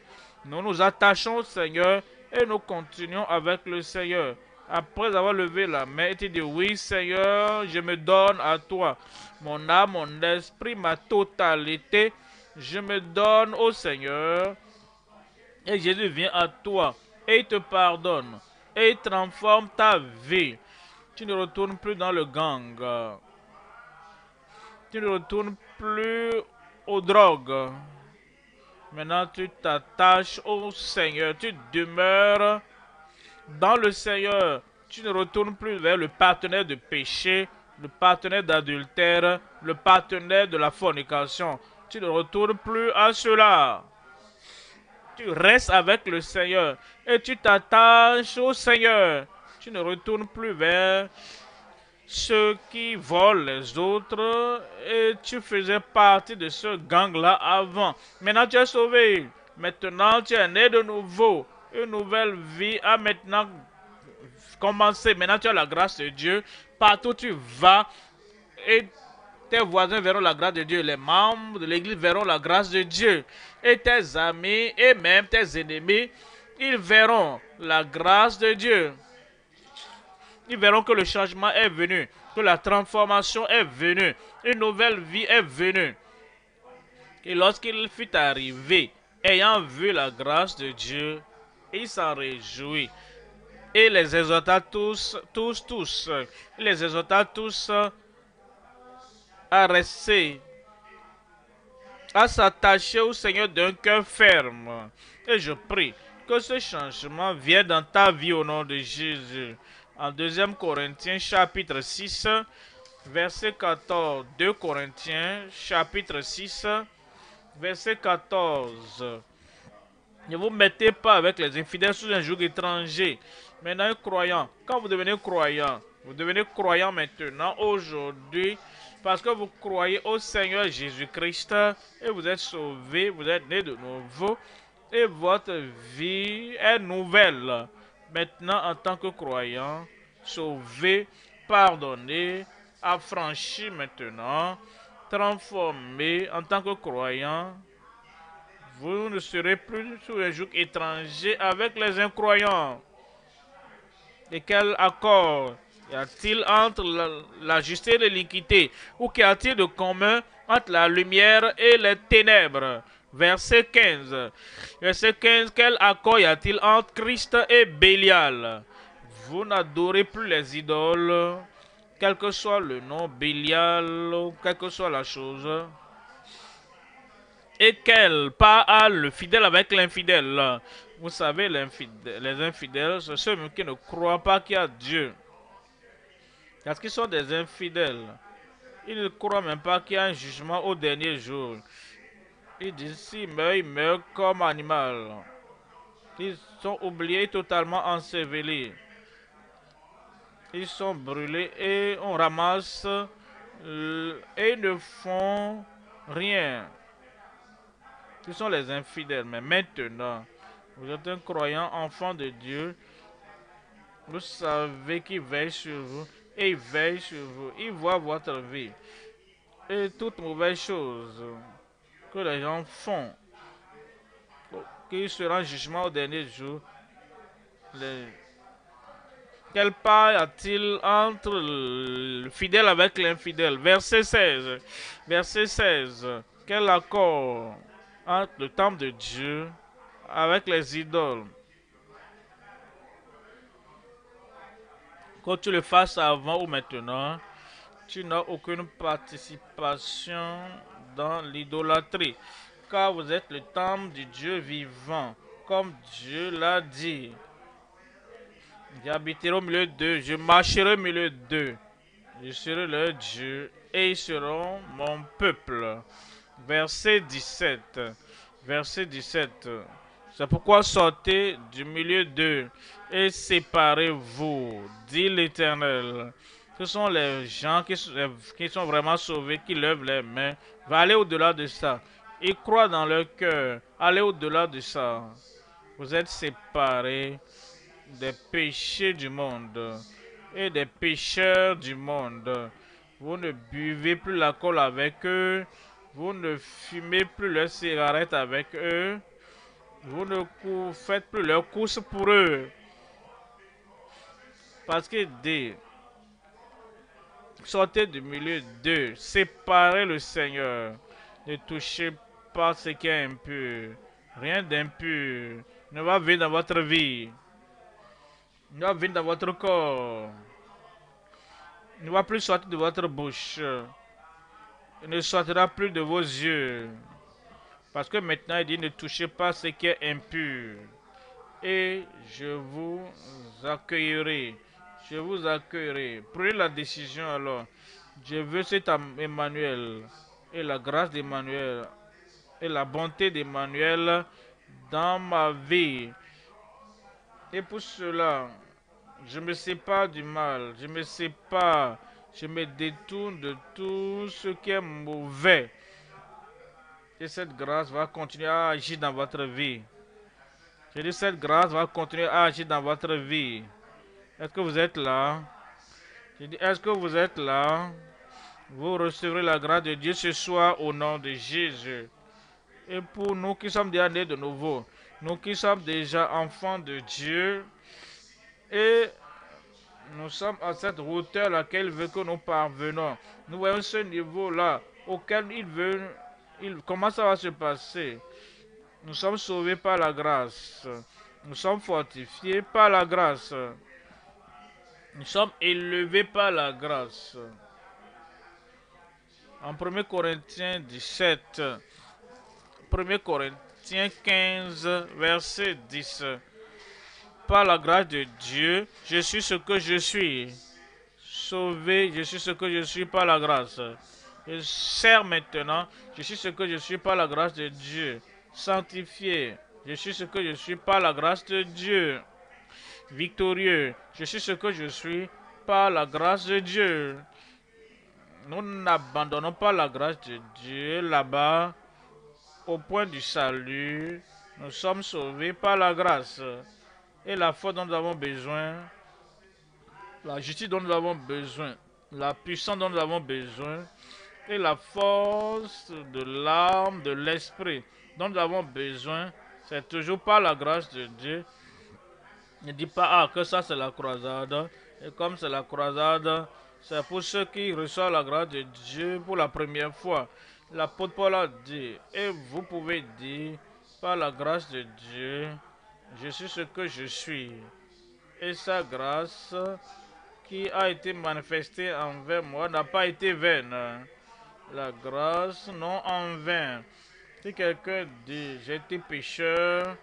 Nous nous attachons au Seigneur et nous continuons avec le Seigneur. Après avoir levé la main, il dit, oui Seigneur, je me donne à toi. Mon âme, mon esprit, ma totalité, je me donne au Seigneur. Et Jésus vient à toi et il te pardonne et il transforme ta vie. Tu ne retournes plus dans le gang tu ne retournes plus aux drogues. Maintenant, tu t'attaches au Seigneur. Tu demeures dans le Seigneur. Tu ne retournes plus vers le partenaire de péché, le partenaire d'adultère, le partenaire de la fornication. Tu ne retournes plus à cela. Tu restes avec le Seigneur et tu t'attaches au Seigneur. Tu ne retournes plus vers ceux qui volent les autres et tu faisais partie de ce gang-là avant. Maintenant tu es sauvé. Maintenant tu es né de nouveau. Une nouvelle vie a maintenant commencé. Maintenant tu as la grâce de Dieu. Partout où tu vas et tes voisins verront la grâce de Dieu. Les membres de l'église verront la grâce de Dieu. Et tes amis et même tes ennemis, ils verront la grâce de Dieu. Ils verront que le changement est venu, que la transformation est venue, une nouvelle vie est venue. Et lorsqu'il fut arrivé, ayant vu la grâce de Dieu, il s'en réjouit. Et les exhorta tous, tous, tous, les exhorta tous à rester, à s'attacher au Seigneur d'un cœur ferme. Et je prie que ce changement vienne dans ta vie au nom de Jésus en 2 Corinthiens chapitre 6, verset 14. 2 Corinthiens chapitre 6, verset 14. Ne vous mettez pas avec les infidèles sous un joug étranger. Maintenant, croyant, quand vous devenez croyant, vous devenez croyant maintenant, aujourd'hui, parce que vous croyez au Seigneur Jésus-Christ et vous êtes sauvé, vous êtes né de nouveau et votre vie est nouvelle. Maintenant, en tant que croyant, sauvé, pardonné, affranchi maintenant, transformé en tant que croyant, vous ne serez plus sous un joug étranger avec les incroyants. Et quel accord y a-t-il entre la, justice et l'iniquité Ou qu'y a-t-il de commun entre la lumière et les ténèbres Verset 15. Verset 15. Quel accord y a-t-il entre Christ et Bélial Vous n'adorez plus les idoles, quel que soit le nom Bélial, quelle que soit la chose. Et quel pas a le fidèle avec l'infidèle Vous savez, les infidèles, sont ceux qui ne croient pas qu'il y a Dieu. Parce qu'ils sont des infidèles. Ils ne croient même pas qu'il y a un jugement au dernier jour. Ils disent s'ils meurent, meurent comme animal. Ils sont oubliés, totalement ensevelis. Ils sont brûlés et on ramasse euh, et ne font rien. Ce sont les infidèles. Mais maintenant, vous êtes un croyant, enfant de Dieu. Vous savez qu'il veille sur vous et il veille sur vous. Il voit votre vie et toute mauvaise chose que les gens font, qu'il sera un jugement au dernier jour. Les... Quel pas y a-t-il entre le fidèle avec l'infidèle Verset 16. Verset 16. Quel accord entre le temple de Dieu avec les idoles Quand tu le fasses avant ou maintenant, tu n'as aucune participation dans l'idolâtrie, car vous êtes le temple du Dieu vivant, comme Dieu l'a dit. J'habiterai au milieu d'eux, je marcherai au milieu d'eux. Je serai leur Dieu et ils seront mon peuple. Verset 17. Verset 17. C'est pourquoi sortez du milieu d'eux et séparez-vous, dit l'Éternel ce sont les gens euh, qui, sont vraiment sauvés, qui lèvent les mains, va aller au-delà de ça. Ils croient dans leur cœur, allez au-delà de ça. Vous êtes séparés des péchés du monde et des pécheurs du monde. Vous ne buvez plus la colle avec eux, vous ne fumez plus leurs cigarettes avec eux, vous ne faites plus leurs courses pour eux. Parce que des... Sortez du milieu d'eux, séparez le Seigneur. Ne touchez pas ce qui est impur. Rien d'impur ne va venir dans votre vie. Ne va venir dans votre corps. Ne va plus sortir de votre bouche. Ne sortira plus de vos yeux. Parce que maintenant, il dit, ne touchez pas ce qui est impur. Et je vous accueillerai. Je vous accueillerai. Prenez la décision alors. Je veux cet Emmanuel et la grâce d'Emmanuel et la bonté d'Emmanuel dans ma vie. Et pour cela, je me sépare du mal, je me sépare, je me détourne de tout ce qui est mauvais. Et cette grâce va continuer à agir dans votre vie. Je dis, cette grâce va continuer à agir dans votre vie. Est-ce que vous êtes là Je dis, est-ce que vous êtes là Vous recevrez la grâce de Dieu ce soir au nom de Jésus. Et pour nous qui sommes déjà nés de nouveau, nous qui sommes déjà enfants de Dieu, et nous sommes à cette hauteur à laquelle veut que nous parvenons. Nous voyons ce niveau-là auquel il veut. Il, comment ça va se passer Nous sommes sauvés par la grâce. Nous sommes fortifiés par la grâce. Nous sommes élevés par la grâce. En 1 Corinthiens 17, 1 Corinthiens 15, verset 10. Par la grâce de Dieu, je suis ce que je suis. Sauvé, je suis ce que je suis par la grâce. Je sers maintenant, je suis ce que je suis par la grâce de Dieu. Sanctifié, je suis ce que je suis par la grâce de Dieu victorieux. Je suis ce que je suis par la grâce de Dieu. Nous n'abandonnons pas la grâce de Dieu là-bas au point du salut. Nous sommes sauvés par la grâce et la foi dont nous avons besoin, la justice dont nous avons besoin, la puissance dont nous avons besoin et la force de l'âme, de l'esprit dont nous avons besoin, c'est toujours par la grâce de Dieu ne dis pas ah, que ça c'est la croisade. Et comme c'est la croisade, c'est pour ceux qui reçoivent la grâce de Dieu pour la première fois. L'apôtre Paul a dit, et vous pouvez dire, par la grâce de Dieu, je suis ce que je suis. Et sa grâce qui a été manifestée envers moi n'a pas été vaine. La grâce non en vain. Si quelqu'un dit, j'étais pécheur,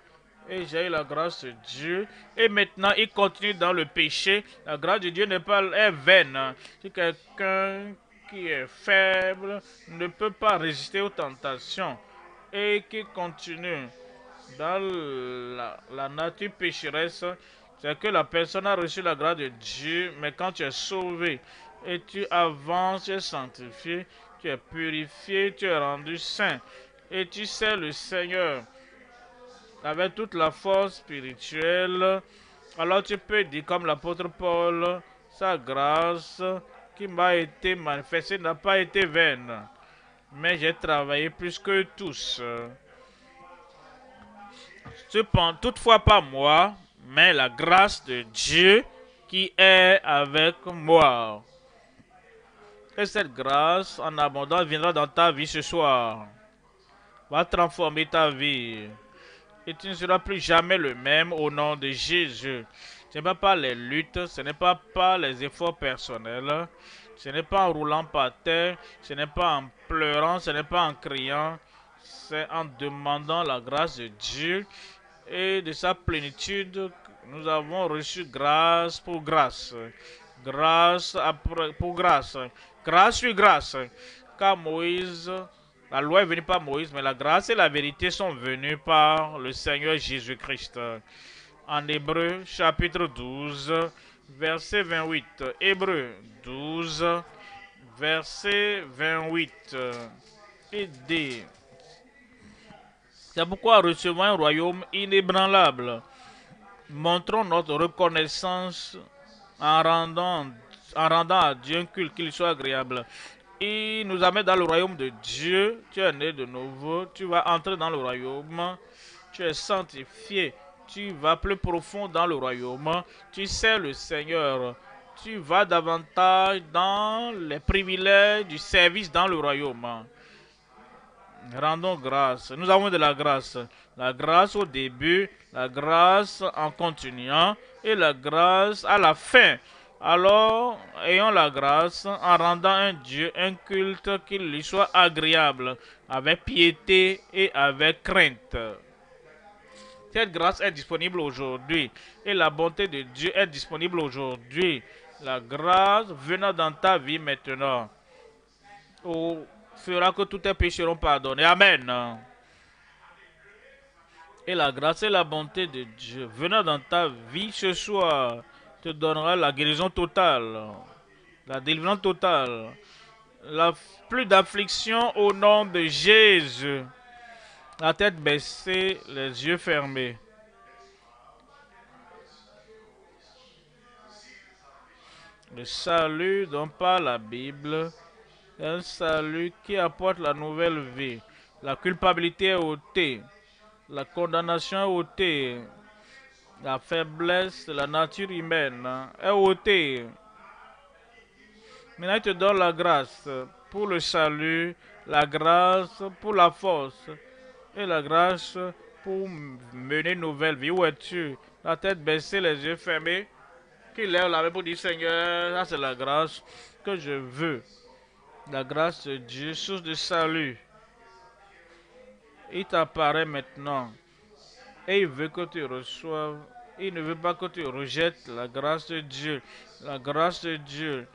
et j'ai eu la grâce de Dieu. Et maintenant, il continue dans le péché. La grâce de Dieu n'est pas est vaine. Si quelqu'un qui est faible ne peut pas résister aux tentations et qui continue dans la, la nature pécheresse, c'est que la personne a reçu la grâce de Dieu, mais quand tu es sauvé et tu avances, tu es sanctifié, tu es purifié, tu es rendu saint et tu sais le Seigneur avec toute la force spirituelle. Alors tu peux dire comme l'apôtre Paul, sa grâce qui m'a été manifestée n'a pas été vaine, mais j'ai travaillé plus que tous. Cependant, toutefois pas moi, mais la grâce de Dieu qui est avec moi. Et cette grâce en abondance viendra dans ta vie ce soir. Va transformer ta vie et tu ne seras plus jamais le même au nom de Jésus. Ce n'est pas les luttes, ce n'est pas par les efforts personnels, ce n'est pas en roulant par terre, ce n'est pas en pleurant, ce n'est pas en criant, c'est en demandant la grâce de Dieu et de sa plénitude nous avons reçu grâce pour grâce, grâce pour grâce, grâce sur grâce, car Moïse la loi est venue par Moïse, mais la grâce et la vérité sont venues par le Seigneur Jésus-Christ. En Hébreu chapitre 12, verset 28. Hébreu 12, verset 28. Et D. C'est pourquoi recevons un royaume inébranlable. Montrons notre reconnaissance en rendant, en à Dieu un culte qu'il soit agréable il nous amène dans le royaume de Dieu. Tu es né de nouveau. Tu vas entrer dans le royaume. Tu es sanctifié. Tu vas plus profond dans le royaume. Tu sais le Seigneur. Tu vas davantage dans les privilèges du service dans le royaume. Rendons grâce. Nous avons de la grâce. La grâce au début, la grâce en continuant et la grâce à la fin. Alors, ayons la grâce en rendant un Dieu un culte qui lui soit agréable, avec piété et avec crainte. Cette grâce est disponible aujourd'hui et la bonté de Dieu est disponible aujourd'hui. La grâce venant dans ta vie maintenant fera que tous tes péchés seront pardonnés. Amen. Et la grâce et la bonté de Dieu venant dans ta vie ce soir te donnera la guérison totale, la délivrance totale, la, plus d'affliction au nom de Jésus. La tête baissée, les yeux fermés. Le salut dont parle la Bible un salut qui apporte la nouvelle vie. La culpabilité est ôtée. La condamnation est ôtée. La faiblesse de la nature humaine hein, est ôtée. Maintenant, il te donne la grâce pour le salut, la grâce pour la force et la grâce pour mener une nouvelle vie. Où es-tu La tête baissée, les yeux fermés. Qui lève la main pour dire Seigneur, ça c'est la grâce que je veux. La grâce de Dieu, source de salut. Il t'apparaît maintenant et il veut que tu reçoives. Il ne veut pas que tu rejettes la grâce de Dieu. La grâce de Dieu.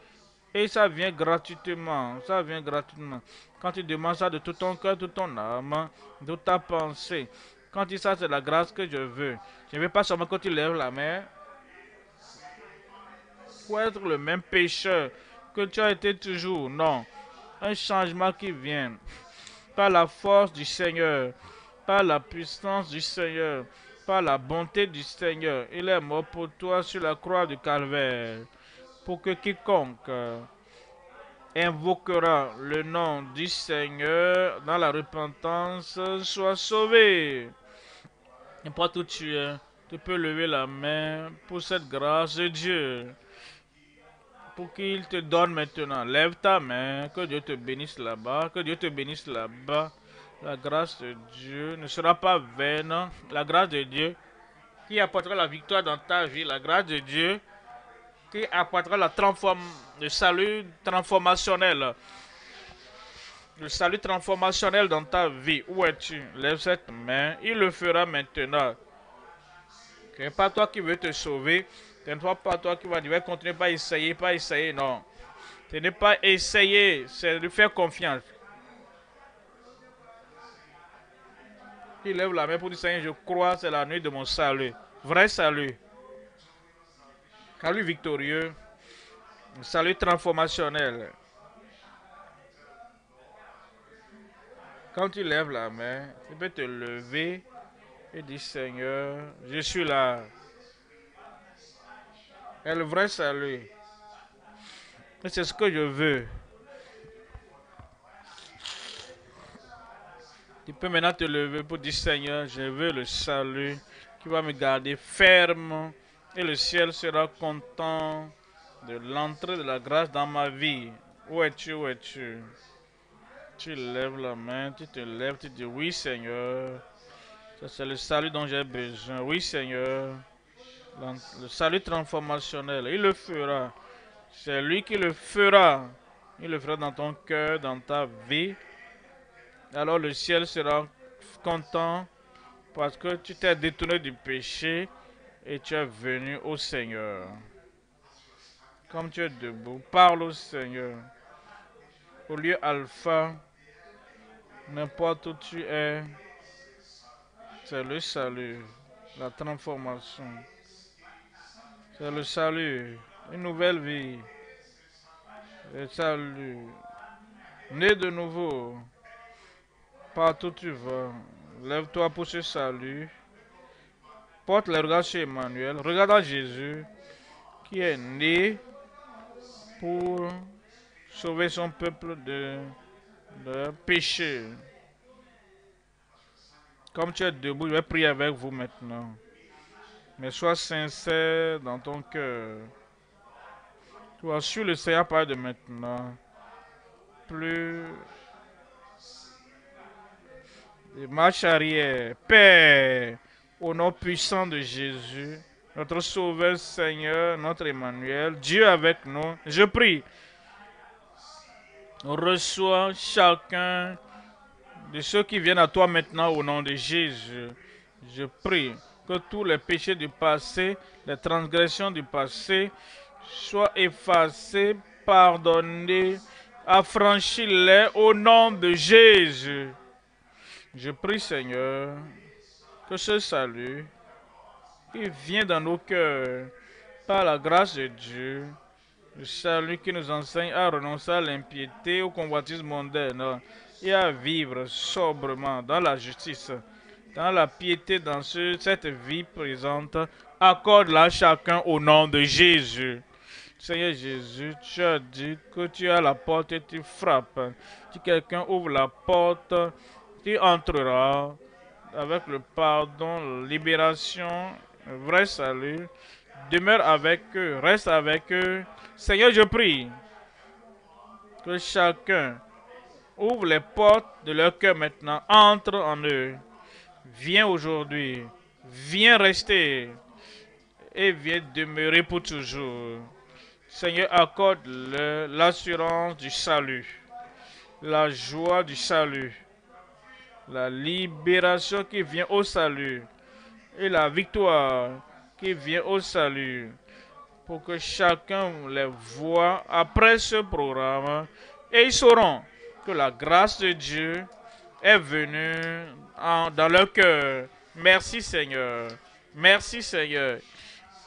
Et ça vient gratuitement. Ça vient gratuitement. Quand tu demandes ça de tout ton cœur, de ton âme, de ta pensée. Quand tu dis ça, c'est la grâce que je veux. Je ne veux pas seulement que tu lèves la main pour être le même pécheur que tu as été toujours. Non. Un changement qui vient par la force du Seigneur par la puissance du Seigneur, par la bonté du Seigneur. Il est mort pour toi sur la croix du Calvaire, pour que quiconque euh, invoquera le nom du Seigneur dans la repentance soit sauvé. Et pour tu tu peux lever la main pour cette grâce de Dieu. Pour qu'il te donne maintenant. Lève ta main. Que Dieu te bénisse là-bas. Que Dieu te bénisse là-bas. La grâce de Dieu ne sera pas vaine. La grâce de Dieu qui apportera la victoire dans ta vie. La grâce de Dieu qui apportera la transform... le salut transformationnel. Le salut transformationnel dans ta vie. Où es-tu Lève cette main. Il le fera maintenant. Ce n'est pas toi qui veux te sauver. Ce n'est pas toi qui va dire, continuer, pas essayer, pas essayer. Non. Ce n'est pas essayer, c'est lui faire confiance. Il lève la main pour dire Seigneur, je crois, c'est la nuit de mon salut. Vrai salut. Salut victorieux. Salut transformationnel. Quand tu lèves la main, tu peux te lever et dire Seigneur, je suis là. Et le vrai salut. c'est ce que je veux. Tu peux maintenant te lever pour dire Seigneur, je veux le salut qui va me garder ferme et le ciel sera content de l'entrée de la grâce dans ma vie. Où es-tu, où es-tu? Tu lèves la main, tu te lèves, tu dis oui Seigneur, c'est le salut dont j'ai besoin. Oui Seigneur, le salut transformationnel, il le fera. C'est lui qui le fera. Il le fera dans ton cœur, dans ta vie alors le ciel sera content parce que tu t'es détourné du péché et tu es venu au Seigneur. Comme tu es debout, parle au Seigneur. Au lieu alpha, n'importe où tu es, c'est le salut, la transformation. C'est le salut, une nouvelle vie. Le salut, né de nouveau. Partout où tu vas, lève-toi pour ce salut. Porte les regards chez Emmanuel. Regarde à Jésus qui est né pour sauver son peuple de, péché. Comme tu es debout, je vais prier avec vous maintenant. Mais sois sincère dans ton cœur. Toi, su le Seigneur, parler de maintenant. Plus marche arrière. Père, au nom puissant de Jésus, notre Sauveur Seigneur, notre Emmanuel, Dieu avec nous, je prie. reçois chacun de ceux qui viennent à toi maintenant au nom de Jésus. Je prie que tous les péchés du passé, les transgressions du passé soient effacés, pardonnés, affranchis-les au nom de Jésus. Je prie, Seigneur, que ce salut qui vient dans nos cœurs par la grâce de Dieu, le salut qui nous enseigne à renoncer à l'impiété, au convoitisme mondaine et à vivre sobrement dans la justice, dans la piété, dans cette vie présente. Accorde-la chacun au nom de Jésus. Seigneur Jésus, tu as dit que tu as la porte et tu frappes. Si quelqu'un ouvre la porte, tu entreras avec le pardon, la libération, le vrai salut. Demeure avec eux, reste avec eux. Seigneur, je prie que chacun ouvre les portes de leur cœur maintenant, entre en eux. Viens aujourd'hui, viens rester et viens demeurer pour toujours. Seigneur, accorde l'assurance du salut, la joie du salut la libération qui vient au salut et la victoire qui vient au salut pour que chacun les voit après ce programme et ils sauront que la grâce de Dieu est venue dans leur cœur. Merci Seigneur. Merci Seigneur.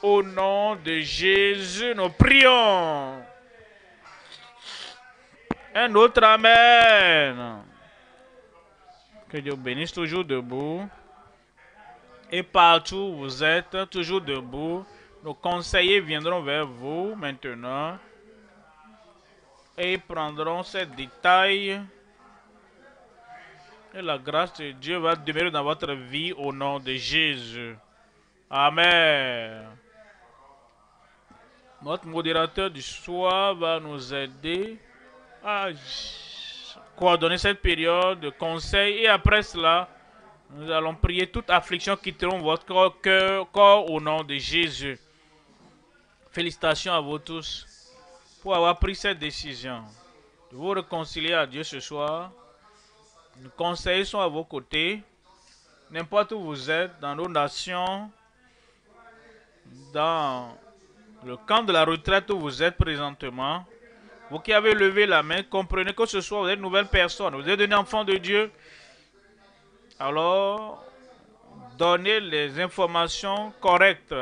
Au nom de Jésus, nous prions. Un autre Amen. Que Dieu bénisse, toujours debout. Et partout où vous êtes, toujours debout. Nos conseillers viendront vers vous maintenant et prendront ces détails. Et la grâce de Dieu va demeurer dans votre vie au nom de Jésus. Amen. Notre modérateur du soir va nous aider à coordonner cette période de conseil et après cela, nous allons prier toute affliction quitteront votre cœur, corps au nom de Jésus. Félicitations à vous tous pour avoir pris cette décision de vous réconcilier à Dieu ce soir. Nos conseils sont à vos côtés, n'importe où vous êtes, dans nos nations, dans le camp de la retraite où vous êtes présentement. Vous qui avez levé la main, comprenez que ce soit vous êtes une nouvelle personne. Vous êtes un enfant de Dieu. Alors, donnez les informations correctes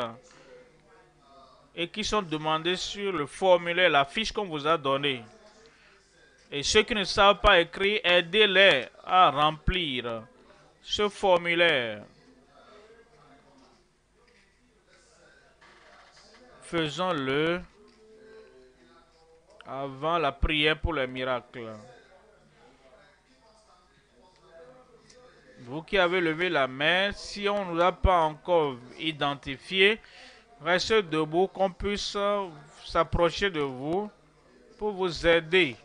et qui sont demandées sur le formulaire, la fiche qu'on vous a donnée. Et ceux qui ne savent pas écrire, aidez-les à remplir ce formulaire. Faisons-le avant la prière pour les miracles. Vous qui avez levé la main, si on ne nous a pas encore identifié, restez debout qu'on puisse s'approcher de vous pour vous aider.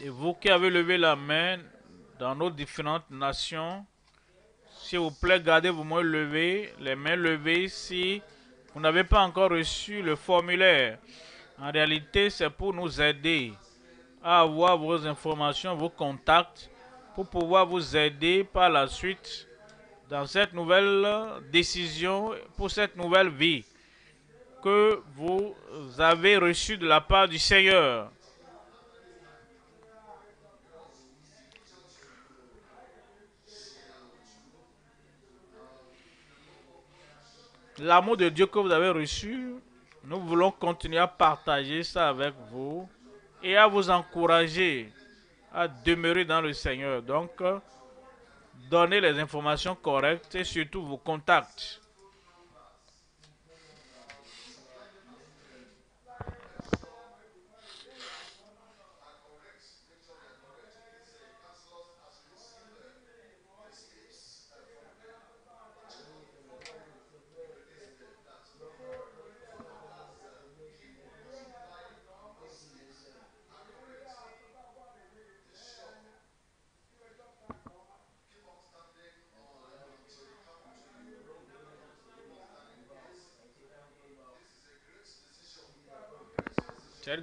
Et vous qui avez levé la main dans nos différentes nations, s'il vous plaît, gardez vos mains levées, les mains levées si vous n'avez pas encore reçu le formulaire. En réalité, c'est pour nous aider à avoir vos informations, vos contacts, pour pouvoir vous aider par la suite dans cette nouvelle décision, pour cette nouvelle vie que vous avez reçue de la part du Seigneur. L'amour de Dieu que vous avez reçu, nous voulons continuer à partager ça avec vous et à vous encourager à demeurer dans le Seigneur. Donc, euh, donnez les informations correctes et surtout vos contacts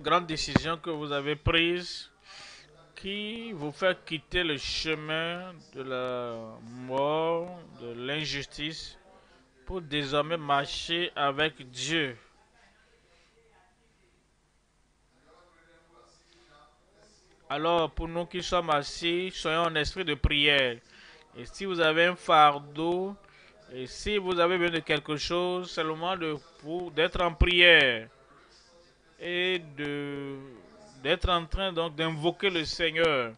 grande décision que vous avez prise qui vous fait quitter le chemin de la mort, de l'injustice, pour désormais marcher avec Dieu. Alors, pour nous qui sommes assis, soyons en esprit de prière. Et si vous avez un fardeau, et si vous avez besoin de quelque chose, c'est le moment d'être en prière et d'être en train donc d'invoquer le Seigneur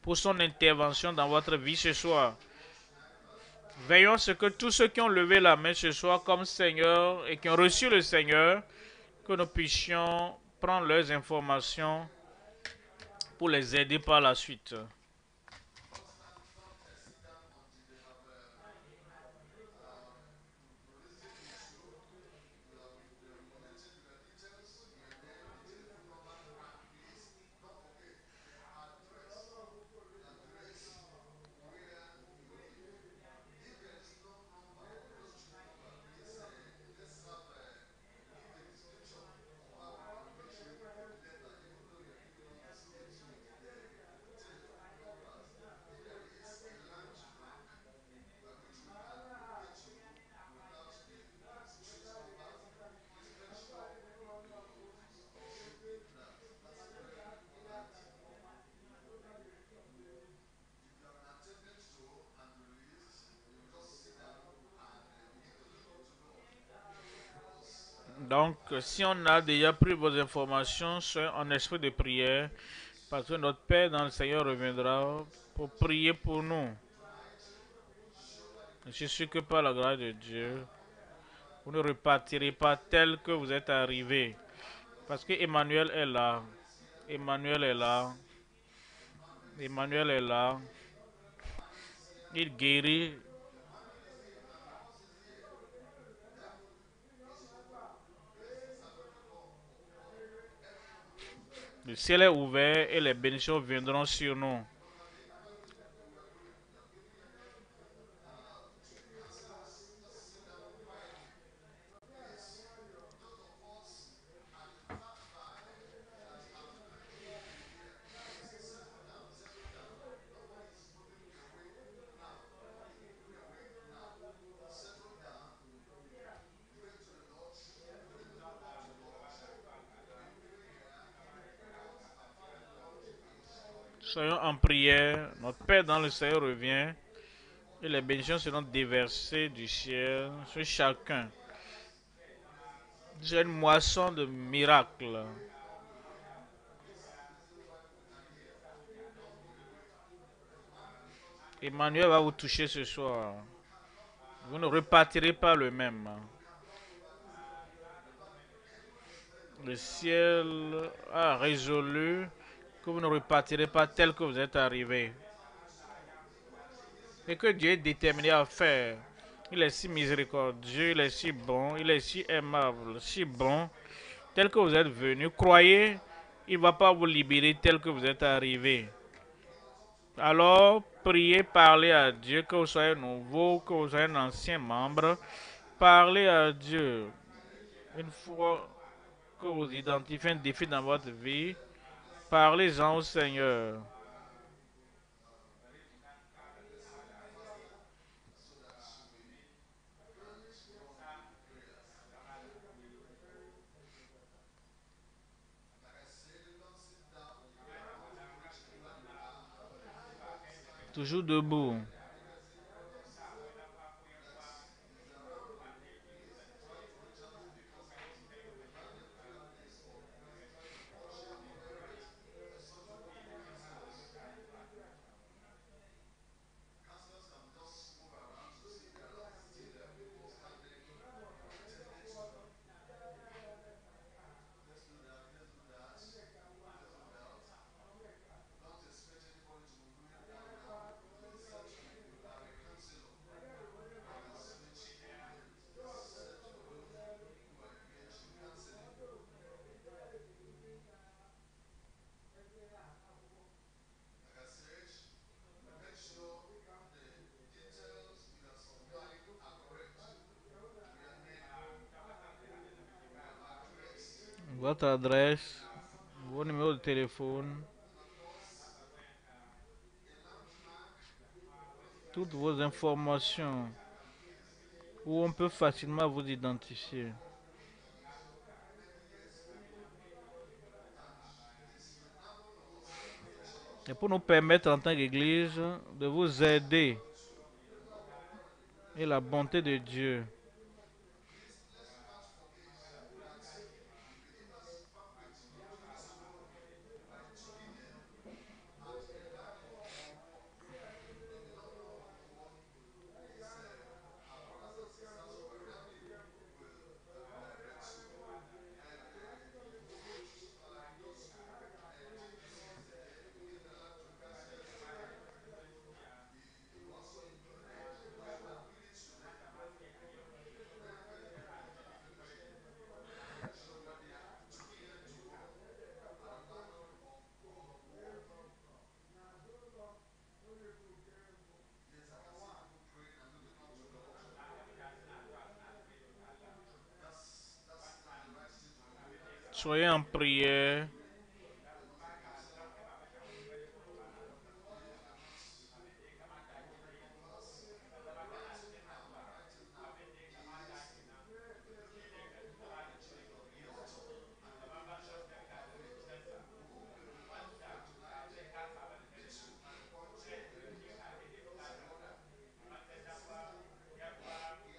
pour son intervention dans votre vie ce soir. Veillons à ce que tous ceux qui ont levé la main ce soir comme Seigneur et qui ont reçu le Seigneur, que nous puissions prendre leurs informations pour les aider par la suite. Donc, si on a déjà pris vos informations en esprit de prière, parce que notre Père dans le Seigneur reviendra pour prier pour nous. Je suis sûr que par la grâce de Dieu, vous ne repartirez pas tel que vous êtes arrivé. Parce que Emmanuel est là. Emmanuel est là. Emmanuel est là. Il guérit Le ciel est ouvert et les bénédictions viendront sur nous. Notre Père dans le Seigneur revient et les bénédictions seront déversées du ciel sur chacun. J'ai une moisson de miracles. Emmanuel va vous toucher ce soir. Vous ne repartirez pas le même. Le ciel a résolu que vous ne repartirez pas tel que vous êtes arrivé et que Dieu est déterminé à faire. Il est si miséricordieux, il est si bon, il est si aimable, si bon. Tel que vous êtes venu, croyez, il ne va pas vous libérer tel que vous êtes arrivé. Alors, priez, parlez à Dieu, que vous soyez nouveau, que vous soyez un ancien membre. Parlez à Dieu. Une fois que vous identifiez un défi dans votre vie, parlez-en au Seigneur. toujours debout votre adresse, vos numéros de téléphone, toutes vos informations où on peut facilement vous identifier. Et pour nous permettre en tant qu'Église de vous aider et la bonté de Dieu. soyez en prière.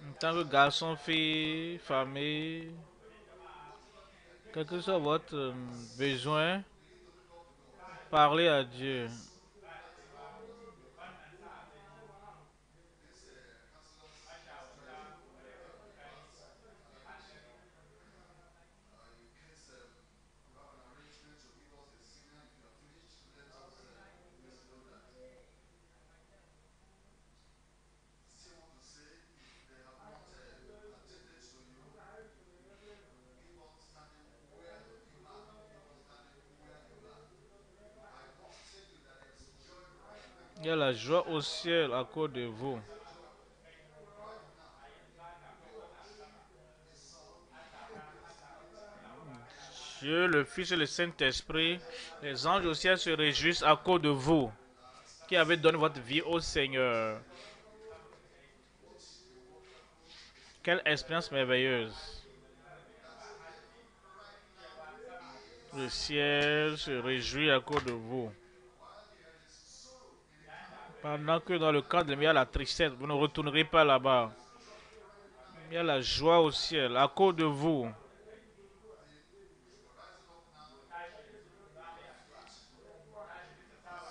En tant que garçon, fille, famille, quel que soit votre euh, besoin, parlez à Dieu. joie au ciel à cause de vous. Dieu, le Fils et le Saint-Esprit, les anges au ciel se réjouissent à cause de vous qui avez donné votre vie au Seigneur. Quelle expérience merveilleuse. Le ciel se réjouit à cause de vous. Maintenant que dans le cadre, il y a la tristesse. Vous ne retournerez pas là-bas. Il y a la joie au ciel. À cause de vous.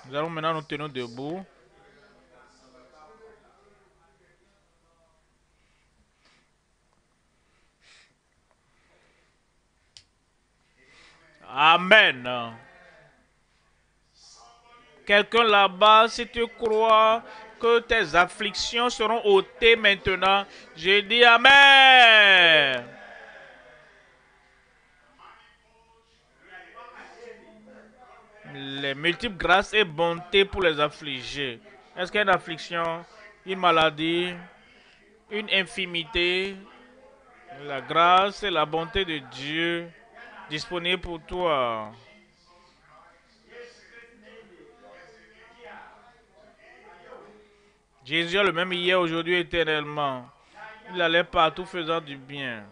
Nous allons maintenant nous tenir debout. Amen. Quelqu'un là-bas, si tu crois que tes afflictions seront ôtées maintenant, je dis Amen. Les multiples grâces et bontés pour les affligés. Est-ce qu'il y a une affliction, une maladie, une infimité, la grâce et la bonté de Dieu disponibles pour toi. Jésus le même hier, aujourd'hui, éternellement. Il allait partout faisant du bien.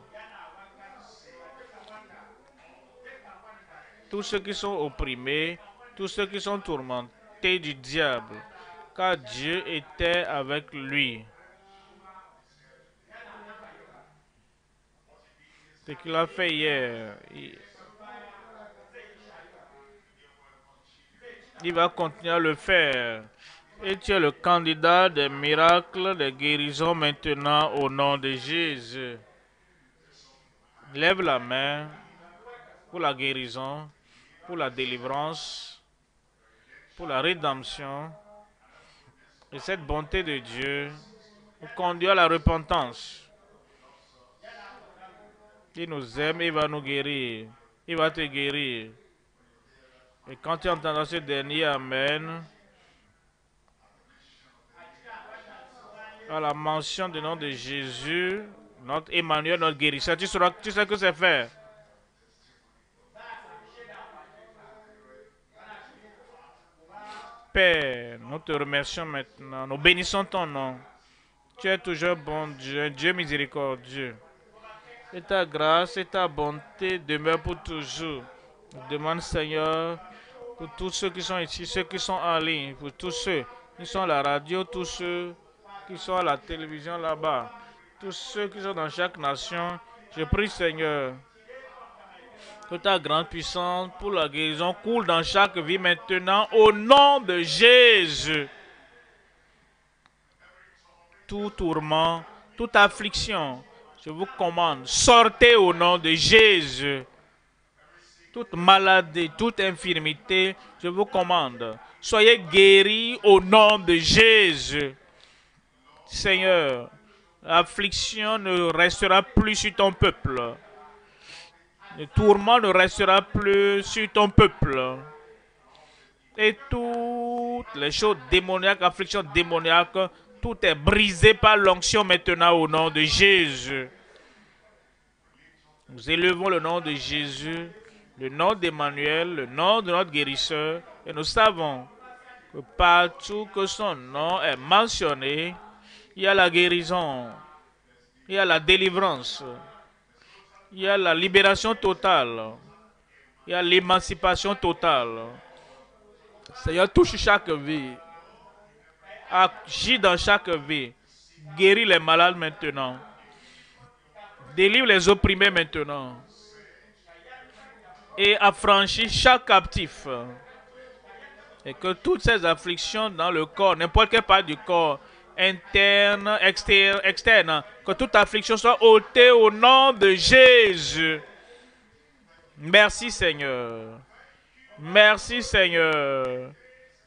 Tous ceux qui sont opprimés, tous ceux qui sont tourmentés du diable, car Dieu était avec lui. Ce qu'il a fait hier, il, il va continuer à le faire. Et tu es le candidat des miracles, des guérisons maintenant au nom de Jésus. Lève la main pour la guérison, pour la délivrance, pour la rédemption. Et cette bonté de Dieu nous conduit à la repentance. Il nous aime, il va nous guérir. Il va te guérir. Et quand tu entendras ce dernier Amen, à la mention du nom de Jésus, notre Emmanuel, notre guérisseur. Tu, sais que c'est faire. Père, nous te remercions maintenant. Nous bénissons ton nom. Tu es toujours bon Dieu, Dieu miséricordieux. Et ta grâce et ta bonté demeurent pour toujours. Je demande, Seigneur, pour tous ceux qui sont ici, ceux qui sont en ligne, pour tous ceux qui sont à la radio, tous ceux qui sont à la télévision là-bas, tous ceux qui sont dans chaque nation, je prie Seigneur que ta grande puissance pour la guérison coule dans chaque vie maintenant au nom de Jésus. Tout tourment, toute affliction, je vous commande, sortez au nom de Jésus. Toute maladie, toute infirmité, je vous commande, soyez guéris au nom de Jésus. Seigneur, l'affliction ne restera plus sur ton peuple. Le tourment ne restera plus sur ton peuple. Et toutes les choses démoniaques, afflictions démoniaques, tout est brisé par l'onction maintenant au nom de Jésus. Nous élevons le nom de Jésus, le nom d'Emmanuel, le nom de notre guérisseur, et nous savons que partout que son nom est mentionné, il y a la guérison, il y a la délivrance, il y a la libération totale, il y a l'émancipation totale. Seigneur, touche chaque vie, agit dans chaque vie, guéris les malades maintenant, délivre les opprimés maintenant et affranchis chaque captif. Et que toutes ces afflictions dans le corps, n'importe quelle part du corps, interne, externe, externe, que toute affliction soit ôtée au nom de Jésus. Merci Seigneur. Merci Seigneur.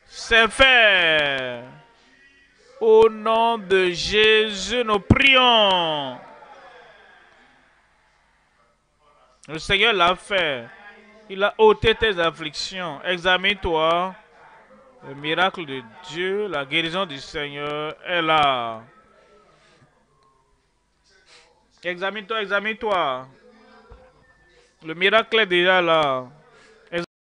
C'est fait. Au nom de Jésus, nous prions. Le Seigneur l'a fait. Il a ôté tes afflictions. Examine-toi. Le miracle de Dieu, la guérison du Seigneur est là. Examine-toi, examine-toi. Le miracle est déjà là.